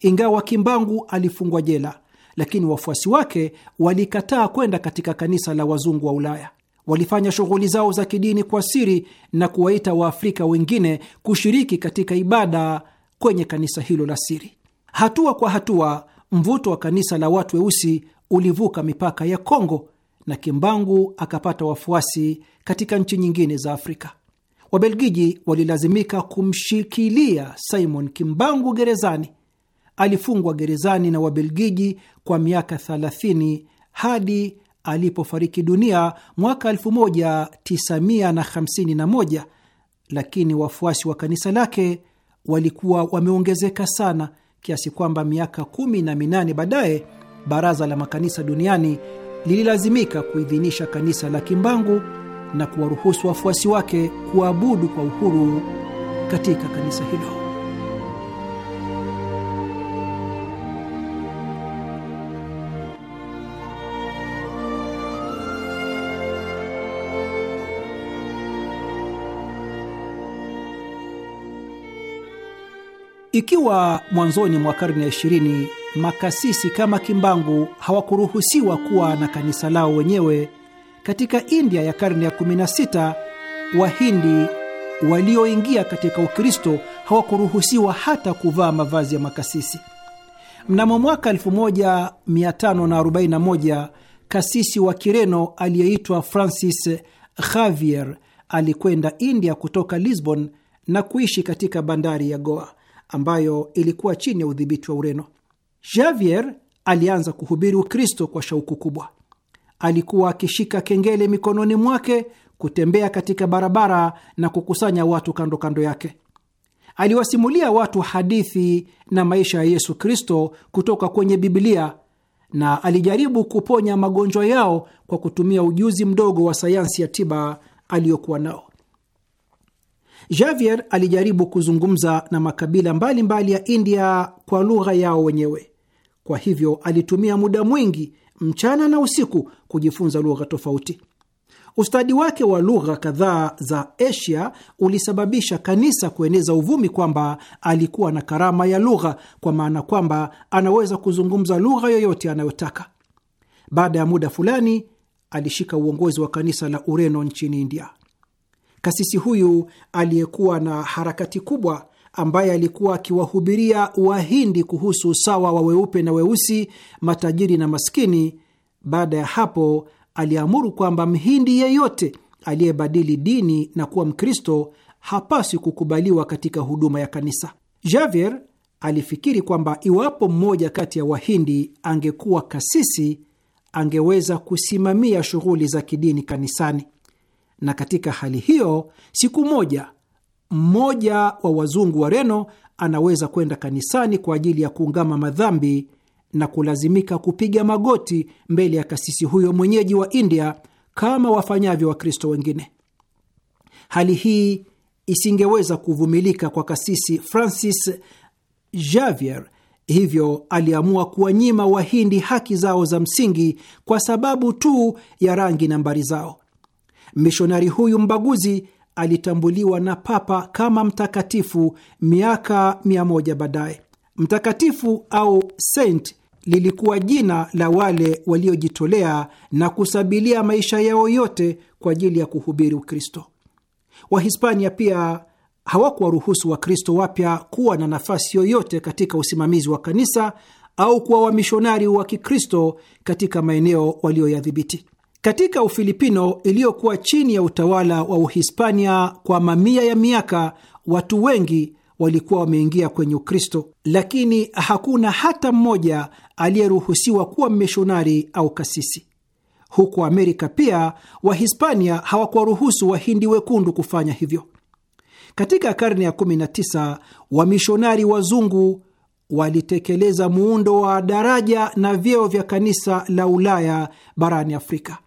Ingawa Kimbangu alifungwa jela, lakini wafuasi wake walikataa kwenda katika kanisa la wazungu wa Ulaya. Walifanya shughuli zao za kidini kwa siri na kuwaita Waafrika wengine kushiriki katika ibada kwenye kanisa hilo la siri. Hatua kwa hatua, mvuto wa kanisa la watu weusi ulivuka mipaka ya Kongo na Kimbangu akapata wafuasi katika nchi nyingine za Afrika. Wabelgiji walilazimika kumshikilia Simon Kimbangu gerezani. Alifungwa gerezani na Wabelgiji kwa miaka 30 hadi alipofariki dunia mwaka 1951, lakini wafuasi wa kanisa lake walikuwa wameongezeka sana kiasi kwamba miaka kumi na minane baadaye Baraza la Makanisa Duniani lililazimika kuidhinisha kanisa la Kimbangu na kuwaruhusu wafuasi wake kuabudu kwa uhuru katika kanisa hilo. Ikiwa mwanzoni mwa karne ya ishirini makasisi kama Kimbangu hawakuruhusiwa kuwa na kanisa lao wenyewe, katika India ya karne ya 16 Wahindi walioingia katika Ukristo hawakuruhusiwa hata kuvaa mavazi ya makasisi. Mnamo mwaka 1541 kasisi wa Kireno aliyeitwa Francis Xavier alikwenda India kutoka Lisbon na kuishi katika bandari ya Goa ambayo ilikuwa chini ya udhibiti wa Ureno. Javier alianza kuhubiri Ukristo kwa shauku kubwa. Alikuwa akishika kengele mikononi mwake, kutembea katika barabara na kukusanya watu kando kando yake. Aliwasimulia watu hadithi na maisha ya Yesu Kristo kutoka kwenye Biblia na alijaribu kuponya magonjwa yao kwa kutumia ujuzi mdogo wa sayansi ya tiba aliyokuwa nao. Javier alijaribu kuzungumza na makabila mbalimbali mbali ya India kwa lugha yao wenyewe. Kwa hivyo alitumia muda mwingi mchana na usiku kujifunza lugha tofauti. Ustadi wake wa lugha kadhaa za Asia ulisababisha kanisa kueneza uvumi kwamba alikuwa na karama ya lugha, kwa maana kwamba anaweza kuzungumza lugha yoyote anayotaka. Baada ya muda fulani, alishika uongozi wa kanisa la Ureno nchini India. Kasisi huyu aliyekuwa na harakati kubwa, ambaye alikuwa akiwahubiria Wahindi kuhusu usawa wa weupe na weusi, matajiri na maskini, baada ya hapo aliamuru kwamba Mhindi yeyote aliyebadili dini na kuwa Mkristo hapaswi kukubaliwa katika huduma ya kanisa. Javier alifikiri kwamba iwapo mmoja kati ya Wahindi angekuwa kasisi, angeweza kusimamia shughuli za kidini kanisani na katika hali hiyo, siku moja mmoja wa wazungu wa reno anaweza kwenda kanisani kwa ajili ya kuungama madhambi na kulazimika kupiga magoti mbele ya kasisi huyo mwenyeji wa India kama wafanyavyo Wakristo wengine. Hali hii isingeweza kuvumilika kwa kasisi Francis Javier, hivyo aliamua kuwanyima Wahindi haki zao za msingi kwa sababu tu ya rangi nambari zao. Mishonari huyu mbaguzi alitambuliwa na Papa kama mtakatifu miaka mia moja baadaye. Mtakatifu au saint lilikuwa jina la wale waliojitolea na kusabilia maisha yao yote kwa ajili ya kuhubiri Ukristo. Wahispania pia hawakuwaruhusu Wakristo wapya kuwa na nafasi yoyote katika usimamizi wa kanisa au kuwa wamishonari wa Kikristo katika maeneo walioyadhibiti. Katika Ufilipino iliyokuwa chini ya utawala wa Uhispania kwa mamia ya miaka, watu wengi walikuwa wameingia kwenye Ukristo, lakini hakuna hata mmoja aliyeruhusiwa kuwa mmishonari au kasisi. Huko Amerika pia Wahispania hawakuwaruhusu Wahindi wekundu kufanya hivyo. Katika karne ya 19 wamishonari wazungu walitekeleza muundo wa daraja na vyeo vya kanisa la Ulaya barani Afrika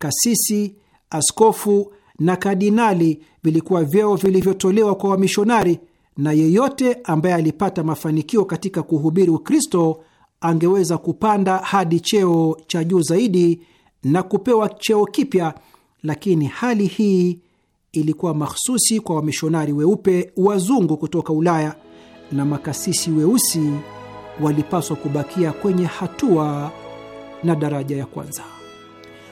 kasisi, askofu na kardinali vilikuwa vyeo vilivyotolewa kwa wamishonari, na yeyote ambaye alipata mafanikio katika kuhubiri Ukristo angeweza kupanda hadi cheo cha juu zaidi na kupewa cheo kipya, lakini hali hii ilikuwa mahsusi kwa wamishonari weupe wazungu kutoka Ulaya, na makasisi weusi walipaswa kubakia kwenye hatua na daraja ya kwanza.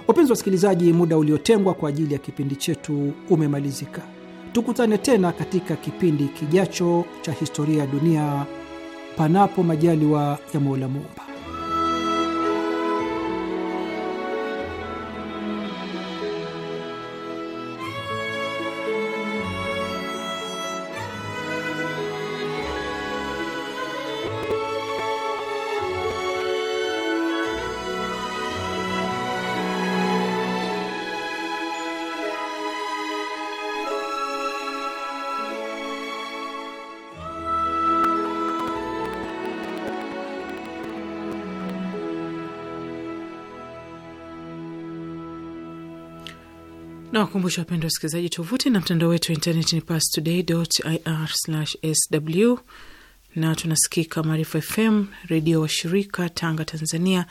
Wapenzi wasikilizaji, muda uliotengwa kwa ajili ya kipindi chetu umemalizika. Tukutane tena katika kipindi kijacho cha historia ya dunia, panapo majaliwa ya Mola Muumba. Nawakumbusha wapendwa wasikilizaji, tovuti na mtandao wetu wa intaneti ni pastoday.ir/sw, na tunasikika Maarifa FM redio washirika Tanga, Tanzania.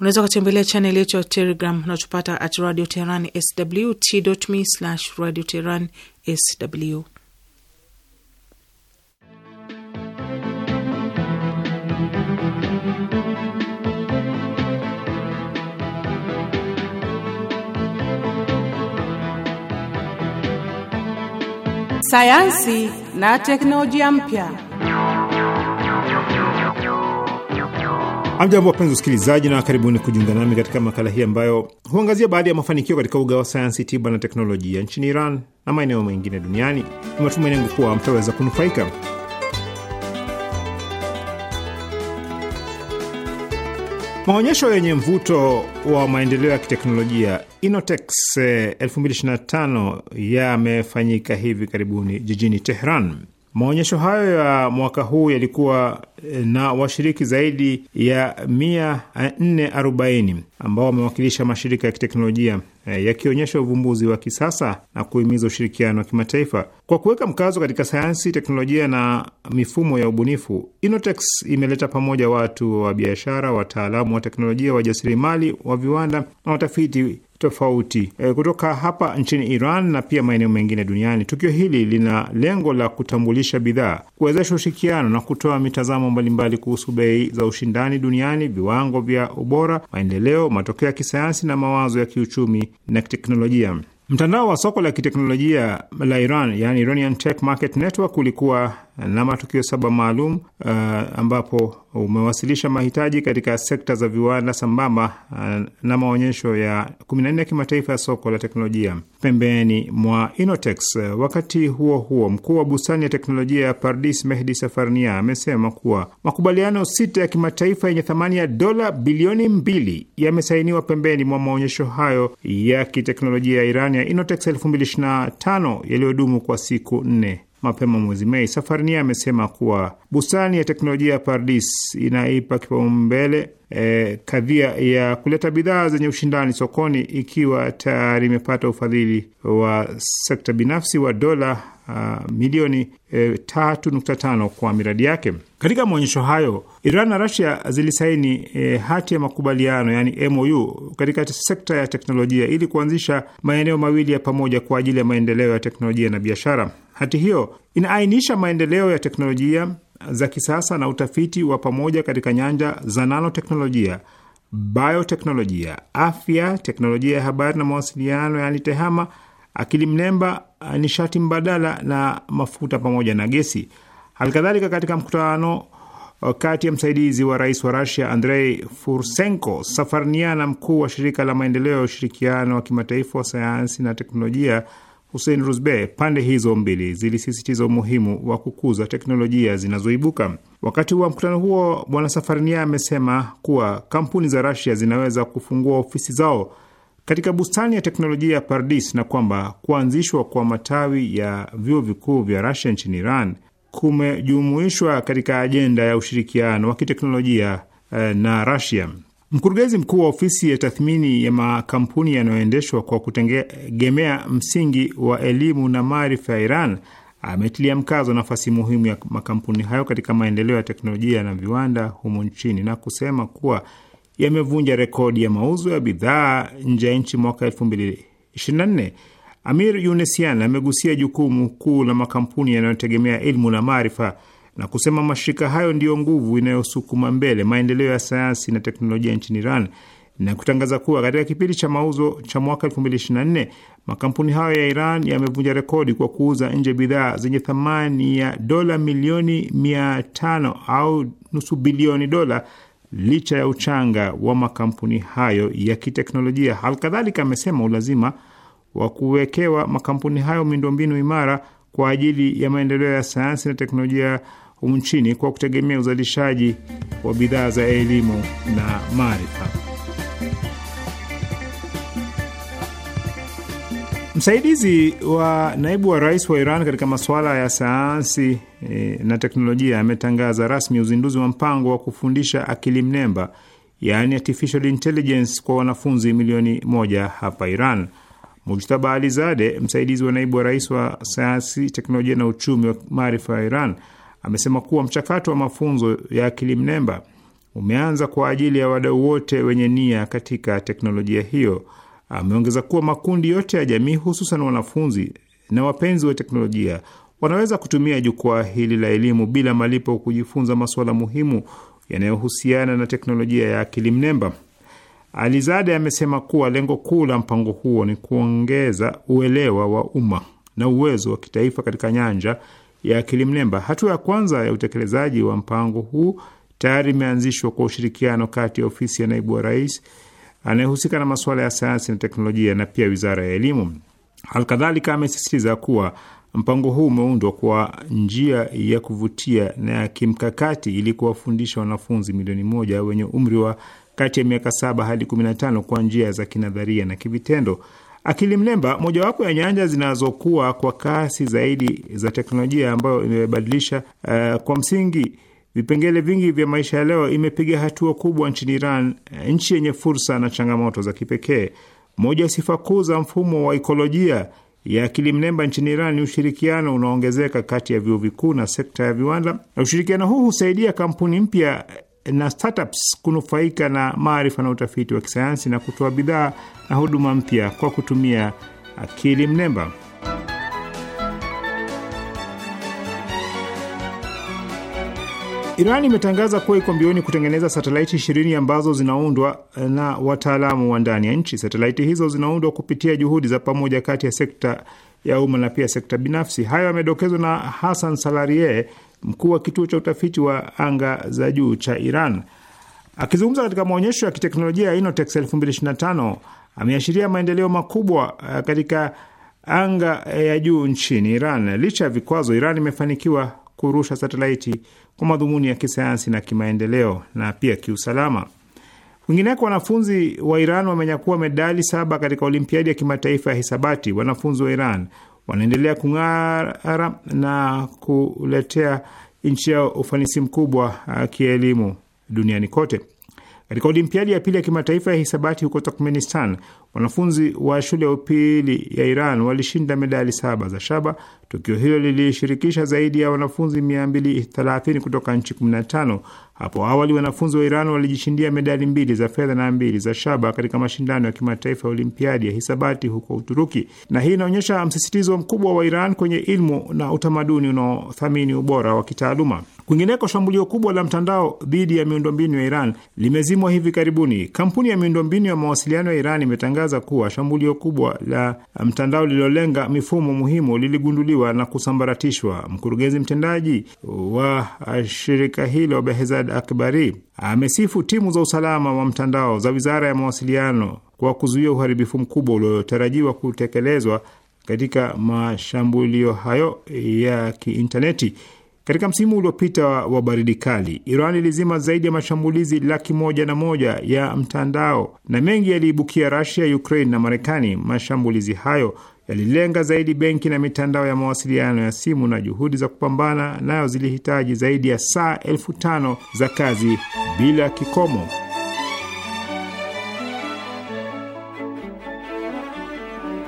Unaweza ukatembelea chaneli yetu ya Telegram unaotupata at radio teheran sw t.me/radio teheran sw sayansi na teknolojia mpya. Amjambo, wapenzi usikilizaji, na karibuni kujiunga nami katika makala hii ambayo huangazia baadhi ya mafanikio katika uga wa sayansi, tiba na teknolojia nchini Iran na maeneo mengine duniani. Ni matumaini yangu kuwa mtaweza kunufaika. Maonyesho yenye mvuto wa maendeleo ya kiteknolojia Inotex 2025 eh, yamefanyika hivi karibuni jijini Tehran. Maonyesho hayo ya mwaka huu yalikuwa eh, na washiriki zaidi ya 440 ambao wamewakilisha mashirika ya kiteknolojia eh, yakionyesha uvumbuzi wa kisasa na kuhimiza ushirikiano wa kimataifa. Kwa kuweka mkazo katika sayansi, teknolojia na mifumo ya ubunifu, Innotex imeleta pamoja watu wa biashara, wataalamu wa teknolojia, wajasiriamali wa viwanda na watafiti tofauti e, kutoka hapa nchini Iran na pia maeneo mengine duniani. Tukio hili lina lengo la kutambulisha bidhaa, kuwezesha ushirikiano na kutoa mitazamo mbalimbali kuhusu bei za ushindani duniani, viwango vya ubora, maendeleo, matokeo ya kisayansi na mawazo ya kiuchumi na kiteknolojia. Mtandao wa soko la kiteknolojia la Iran yani Iranian Tech Market Network ulikuwa na matukio saba maalum uh, ambapo umewasilisha mahitaji katika sekta za viwanda sambamba uh, na maonyesho ya 14 ya kimataifa ya soko la teknolojia pembeni mwa Inotex. Uh, wakati huo huo, mkuu wa bustani ya teknolojia ya Pardis Mehdi Safarnia amesema kuwa makubaliano sita ya kimataifa yenye thamani ya dola bilioni mbili yamesainiwa pembeni mwa maonyesho hayo ya kiteknolojia ya Iran ya Inotex 2025 yaliyodumu kwa siku nne mapema mwezi Mei. Safarnia amesema kuwa bustani ya teknolojia ya Pardis inaipa kipaumbele e, kadhia ya kuleta bidhaa zenye ushindani sokoni, ikiwa tayari imepata ufadhili wa sekta binafsi wa dola uh, milioni uh, tatu kwa miradi yake. Katika maonyesho hayo Iran na Rasia zilisaini uh, hati ya makubaliano yani MOU katika sekta ya teknolojia ili kuanzisha maeneo mawili ya pamoja kwa ajili ya maendeleo ya teknolojia na biashara. Hati hiyo inaainisha maendeleo ya teknolojia za kisasa na utafiti wa pamoja katika nyanja za nanoteknolojia, bioteknolojia, afya, teknolojia ya habari na mawasiliano yani TEHAMA akili mnemba, ah, nishati mbadala na mafuta pamoja na gesi. Halikadhalika, katika mkutano ah, kati ya msaidizi wa rais wa Rusia Andrei Fursenko, Safarnia na mkuu wa shirika la maendeleo ya ushirikiano wa kimataifa wa sayansi na teknolojia Hussein Rusbe, pande hizo mbili zilisisitiza umuhimu wa kukuza teknolojia zinazoibuka. Wakati wa mkutano huo, Bwana Safarnia amesema kuwa kampuni za Rusia zinaweza kufungua ofisi zao katika bustani ya teknolojia ya Pardis na kwamba kuanzishwa kwa matawi ya vyuo vikuu vya Rasia nchini Iran kumejumuishwa katika ajenda ya ushirikiano wa kiteknolojia eh, na Rasia. Mkurugenzi mkuu wa ofisi ya tathmini ya makampuni yanayoendeshwa kwa kutegemea msingi wa elimu na maarifa ya Iran ametilia mkazo nafasi muhimu ya makampuni hayo katika maendeleo ya teknolojia na viwanda humu nchini na kusema kuwa yamevunja rekodi ya mauzo ya bidhaa nje ya nchi mwaka 2024. Amir Younesian amegusia jukumu kuu la makampuni yanayotegemea elimu na maarifa na kusema mashirika hayo ndiyo nguvu inayosukuma mbele maendeleo ya sayansi na teknolojia nchini Iran na kutangaza kuwa katika kipindi cha mauzo cha mwaka 2024 makampuni hayo ya Iran yamevunja rekodi kwa kuuza nje bidhaa zenye thamani ya dola milioni 500 au nusu bilioni dola licha ya uchanga wa makampuni hayo ya kiteknolojia. Halikadhalika amesema ulazima wa kuwekewa makampuni hayo miundombinu imara kwa ajili ya maendeleo ya sayansi na teknolojia nchini kwa kutegemea uzalishaji wa bidhaa za elimu na maarifa. Msaidizi wa naibu wa rais wa Iran katika masuala ya sayansi e, na teknolojia ametangaza rasmi uzinduzi wa mpango wa kufundisha akili mnemba, yaani artificial intelligence, kwa wanafunzi milioni moja hapa Iran. Mujtaba Alizade, msaidizi wa naibu wa rais wa sayansi, teknolojia na uchumi wa maarifa ya Iran, amesema kuwa mchakato wa mafunzo ya akili mnemba umeanza kwa ajili ya wadau wote wenye nia katika teknolojia hiyo. Ameongeza kuwa makundi yote ya jamii, hususan wanafunzi na wapenzi wa teknolojia, wanaweza kutumia jukwaa hili la elimu bila malipo kujifunza masuala muhimu yanayohusiana na teknolojia ya akili mnemba. Alizade amesema kuwa lengo kuu la mpango huo ni kuongeza uelewa wa umma na uwezo wa kitaifa katika nyanja ya akili mnemba. Hatua ya kwanza ya utekelezaji wa mpango huu tayari imeanzishwa kwa ushirikiano kati ya ofisi ya naibu wa rais anayehusika na masuala ya sayansi na teknolojia na pia wizara ya elimu. Alkadhalika, amesisitiza kuwa mpango huu umeundwa kwa njia ya kuvutia na ya kimkakati ili kuwafundisha wanafunzi milioni moja wenye umri wa kati ya miaka saba hadi kumi na tano kwa njia za kinadharia na kivitendo. Akili mlemba, mojawapo ya nyanja zinazokuwa kwa kasi zaidi za teknolojia, ambayo imebadilisha uh, kwa msingi vipengele vingi vya maisha ya leo imepiga hatua kubwa nchini Iran, nchi yenye fursa na changamoto za kipekee. Moja ya sifa kuu za mfumo wa ikolojia ya akili mnemba nchini Iran ni ushirikiano unaoongezeka kati ya vyuo vikuu na sekta ya viwanda, na ushirikiano huu husaidia kampuni mpya na startups kunufaika na maarifa na utafiti wa kisayansi na kutoa bidhaa na huduma mpya kwa kutumia akili mnemba. Iran imetangaza kuwa iko mbioni kutengeneza satelaiti ishirini ambazo zinaundwa eh, na wataalamu wa ndani ya nchi. Satelaiti hizo zinaundwa kupitia juhudi za pamoja kati ya sekta ya umma na pia sekta binafsi. Hayo yamedokezwa na Hassan Salarie, mkuu wa kituo cha utafiti wa anga za juu cha Iran, akizungumza katika maonyesho ya kiteknolojia ya Inotex 2025. Ameashiria maendeleo makubwa eh, katika anga eh, ya juu nchini Iran. Licha ya vikwazo, Iran imefanikiwa kurusha satelaiti kwa madhumuni ya kisayansi na kimaendeleo na pia kiusalama. Kwingineko, wanafunzi wa Iran wamenyakua medali saba katika olimpiadi ya kimataifa ya hisabati. Wanafunzi wa Iran wanaendelea kung'ara na kuletea nchi yao ufanisi mkubwa uh, kielimu duniani kote. Katika olimpiadi ya pili ya kimataifa ya hisabati huko Turkmenistan, wanafunzi wa shule ya upili ya Iran walishinda medali saba za shaba. Tukio hilo lilishirikisha zaidi ya wanafunzi 230 kutoka nchi 15. Hapo awali wanafunzi wa Iran walijishindia medali mbili za fedha na mbili za shaba katika mashindano ya kimataifa ya olimpiadi ya hisabati huko Uturuki, na hii inaonyesha msisitizo mkubwa wa Iran kwenye ilmu na utamaduni unaothamini ubora wa kitaaluma. Kwingineko, shambulio kubwa la mtandao dhidi ya miundombinu ya Iran limezimwa hivi karibuni. Kampuni ya miundombinu ya mawasiliano ya Iran imetangaza kuwa shambulio kubwa la mtandao lililolenga mifumo muhimu liligunduliwa na kusambaratishwa. Mkurugenzi mtendaji wa shirika hilo Behzad Akbari amesifu timu za usalama wa mtandao za wizara ya mawasiliano kwa kuzuia uharibifu mkubwa uliotarajiwa kutekelezwa katika mashambulio hayo ya kiintaneti katika msimu uliopita wa baridi kali, Iran ilizima zaidi ya mashambulizi laki moja na moja ya mtandao na mengi yaliibukia Rusia, Ukraine na Marekani. Mashambulizi hayo yalilenga zaidi benki na mitandao ya mawasiliano ya simu, na juhudi za kupambana nayo zilihitaji zaidi ya saa elfu tano za kazi bila kikomo.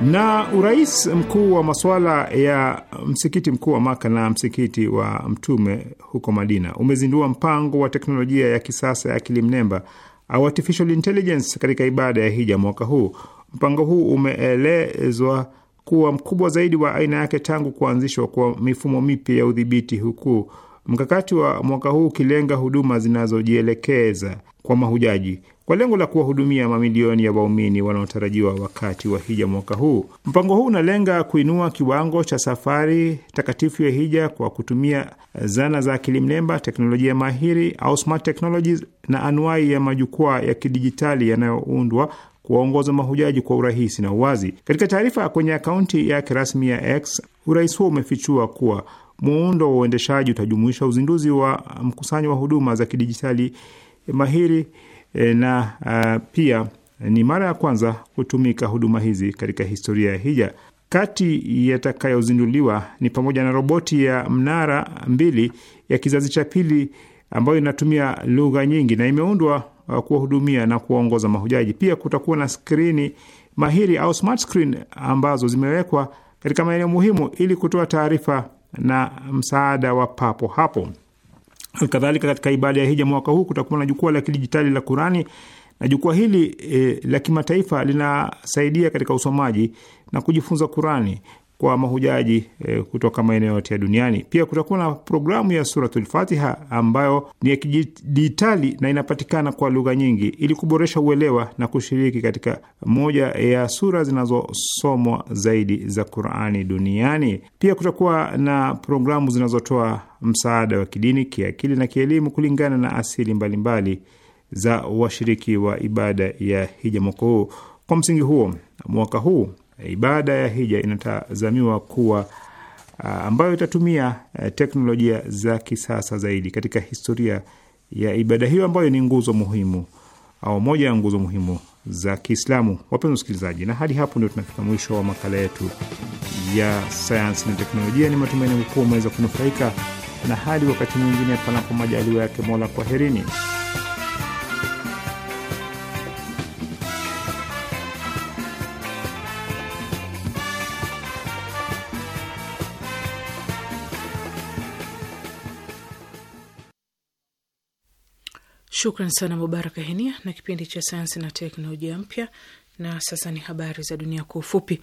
na urais mkuu wa masuala ya msikiti mkuu wa Maka na msikiti wa Mtume huko Madina umezindua mpango wa teknolojia ya kisasa ya akili mnemba au artificial intelligence katika ibada ya hija mwaka huu. Mpango huu umeelezwa kuwa mkubwa zaidi wa aina yake tangu kuanzishwa kwa mifumo mipya ya udhibiti, huku mkakati wa mwaka huu ukilenga huduma zinazojielekeza kwa mahujaji kwa lengo la kuwahudumia mamilioni ya waumini wanaotarajiwa wakati wa hija mwaka huu. Mpango huu unalenga kuinua kiwango cha safari takatifu ya hija kwa kutumia zana za akili mlemba teknolojia mahiri au smart technologies na anuai ya majukwaa ya kidijitali yanayoundwa kuwaongoza mahujaji kwa urahisi na uwazi. Katika taarifa kwenye akaunti yake rasmi ya X, urais huo umefichua kuwa muundo wa uendeshaji utajumuisha uzinduzi wa mkusanyo wa huduma za kidijitali mahiri E, na uh, pia ni mara ya kwanza kutumika huduma hizi katika historia ya hija. Kati yatakayozinduliwa ni pamoja na roboti ya mnara mbili ya kizazi cha pili ambayo inatumia lugha nyingi na imeundwa kuwahudumia na kuwaongoza mahujaji. Pia kutakuwa na skrini mahiri au smart screen ambazo zimewekwa katika maeneo muhimu ili kutoa taarifa na msaada wa papo hapo. Alkadhalika, katika ibada ya hija mwaka huu kutakuwa na jukwaa la kidijitali la Kurani na jukwaa hili e, la kimataifa linasaidia katika usomaji na kujifunza Kurani kwa mahujaji e, kutoka maeneo yote ya duniani. Pia kutakuwa na programu ya Suratul Fatiha ambayo ni ya kidijitali na inapatikana kwa lugha nyingi ili kuboresha uelewa na kushiriki katika moja ya sura zinazosomwa zaidi za Qurani duniani. Pia kutakuwa na programu zinazotoa msaada wa kidini, kiakili na kielimu kulingana na asili mbalimbali mbali za washiriki wa ibada ya hija mwaka huu. Kwa msingi huo mwaka huu ibada ya hija inatazamiwa kuwa ambayo itatumia teknolojia za kisasa zaidi katika historia ya ibada hiyo ambayo ni nguzo muhimu au moja ya nguzo muhimu za Kiislamu. Wapenzi wasikilizaji, na hadi hapo ndio tunafika mwisho wa makala yetu ya sayansi na teknolojia. Ni matumaini yangu kuwa umeweza kunufaika, na hadi wakati mwingine, panapo majaliwa yake Mola, kwaherini. Shukran sana Mubaraka Henia na kipindi cha sayansi na teknolojia mpya. Na sasa ni habari za dunia kwa ufupi.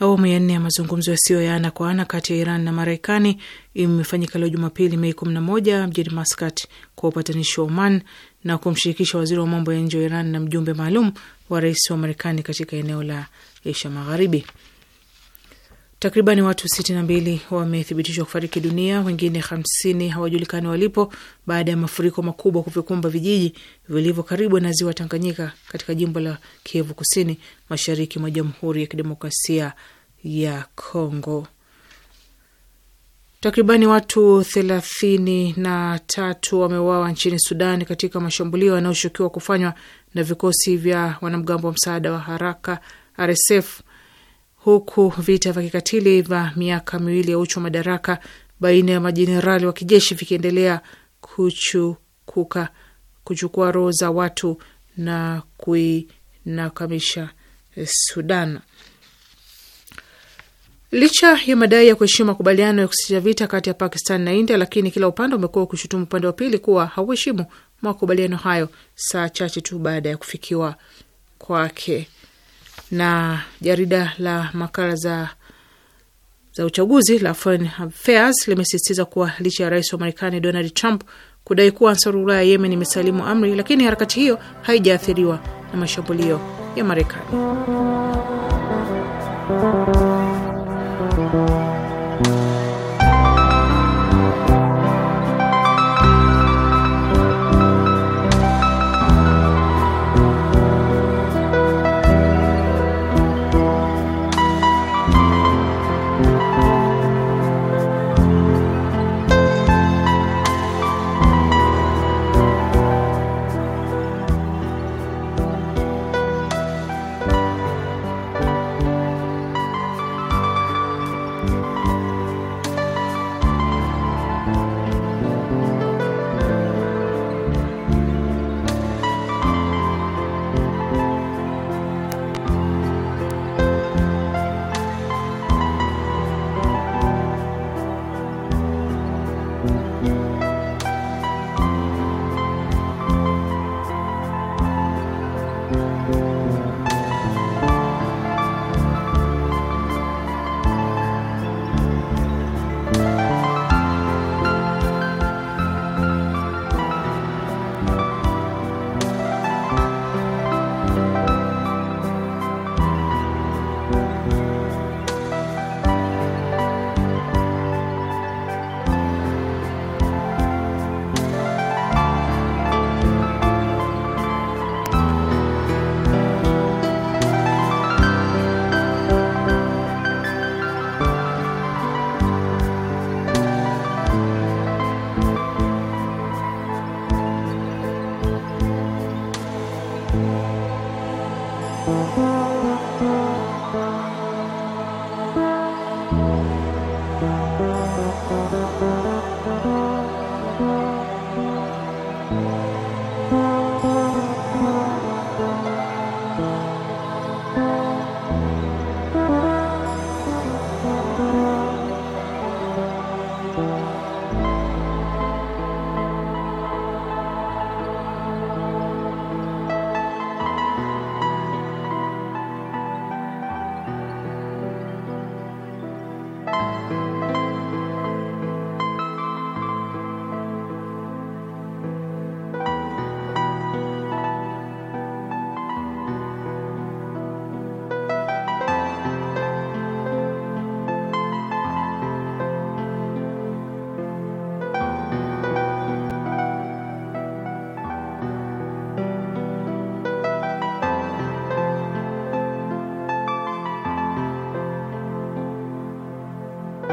Awamu ya nne ya mazungumzo yasiyo ya ana kwa ana kati ya Iran na Marekani imefanyika leo Jumapili, Mei 11 mjini Maskat kwa upatanishi wa Oman na kumshirikisha waziri wa mambo ya nje wa Iran na mjumbe maalum wa rais wa Marekani katika eneo la Asia Magharibi. Takribani watu 62 wamethibitishwa kufariki dunia, wengine 50 hawajulikani walipo baada ya mafuriko makubwa kuvikumba vijiji vilivyo karibu na ziwa Tanganyika katika jimbo la Kivu Kusini, mashariki mwa Jamhuri ya Kidemokrasia ya Kongo. Takribani watu thelathini na tatu wameuawa nchini Sudan katika mashambulio yanayoshukiwa kufanywa na vikosi vya wanamgambo wa msaada wa haraka RSF huku vita vya kikatili vya miaka miwili ya uchu madaraka baina ya majenerali wa kijeshi vikiendelea kuchukuka kuchukua roho za watu na kuinakamisha Sudan. Licha ya madai ya kuheshimu makubaliano ya kusitisha vita kati ya Pakistan na India, lakini kila upande umekuwa ukishutumu upande wa pili kuwa hauheshimu makubaliano hayo saa chache tu baada ya kufikiwa kwake na jarida la makala za za uchaguzi la Foreign Affairs limesisitiza kuwa licha ya rais wa Marekani Donald Trump kudai kuwa Ansarullah ya Yemen imesalimu amri, lakini harakati hiyo haijaathiriwa na mashambulio ya Marekani.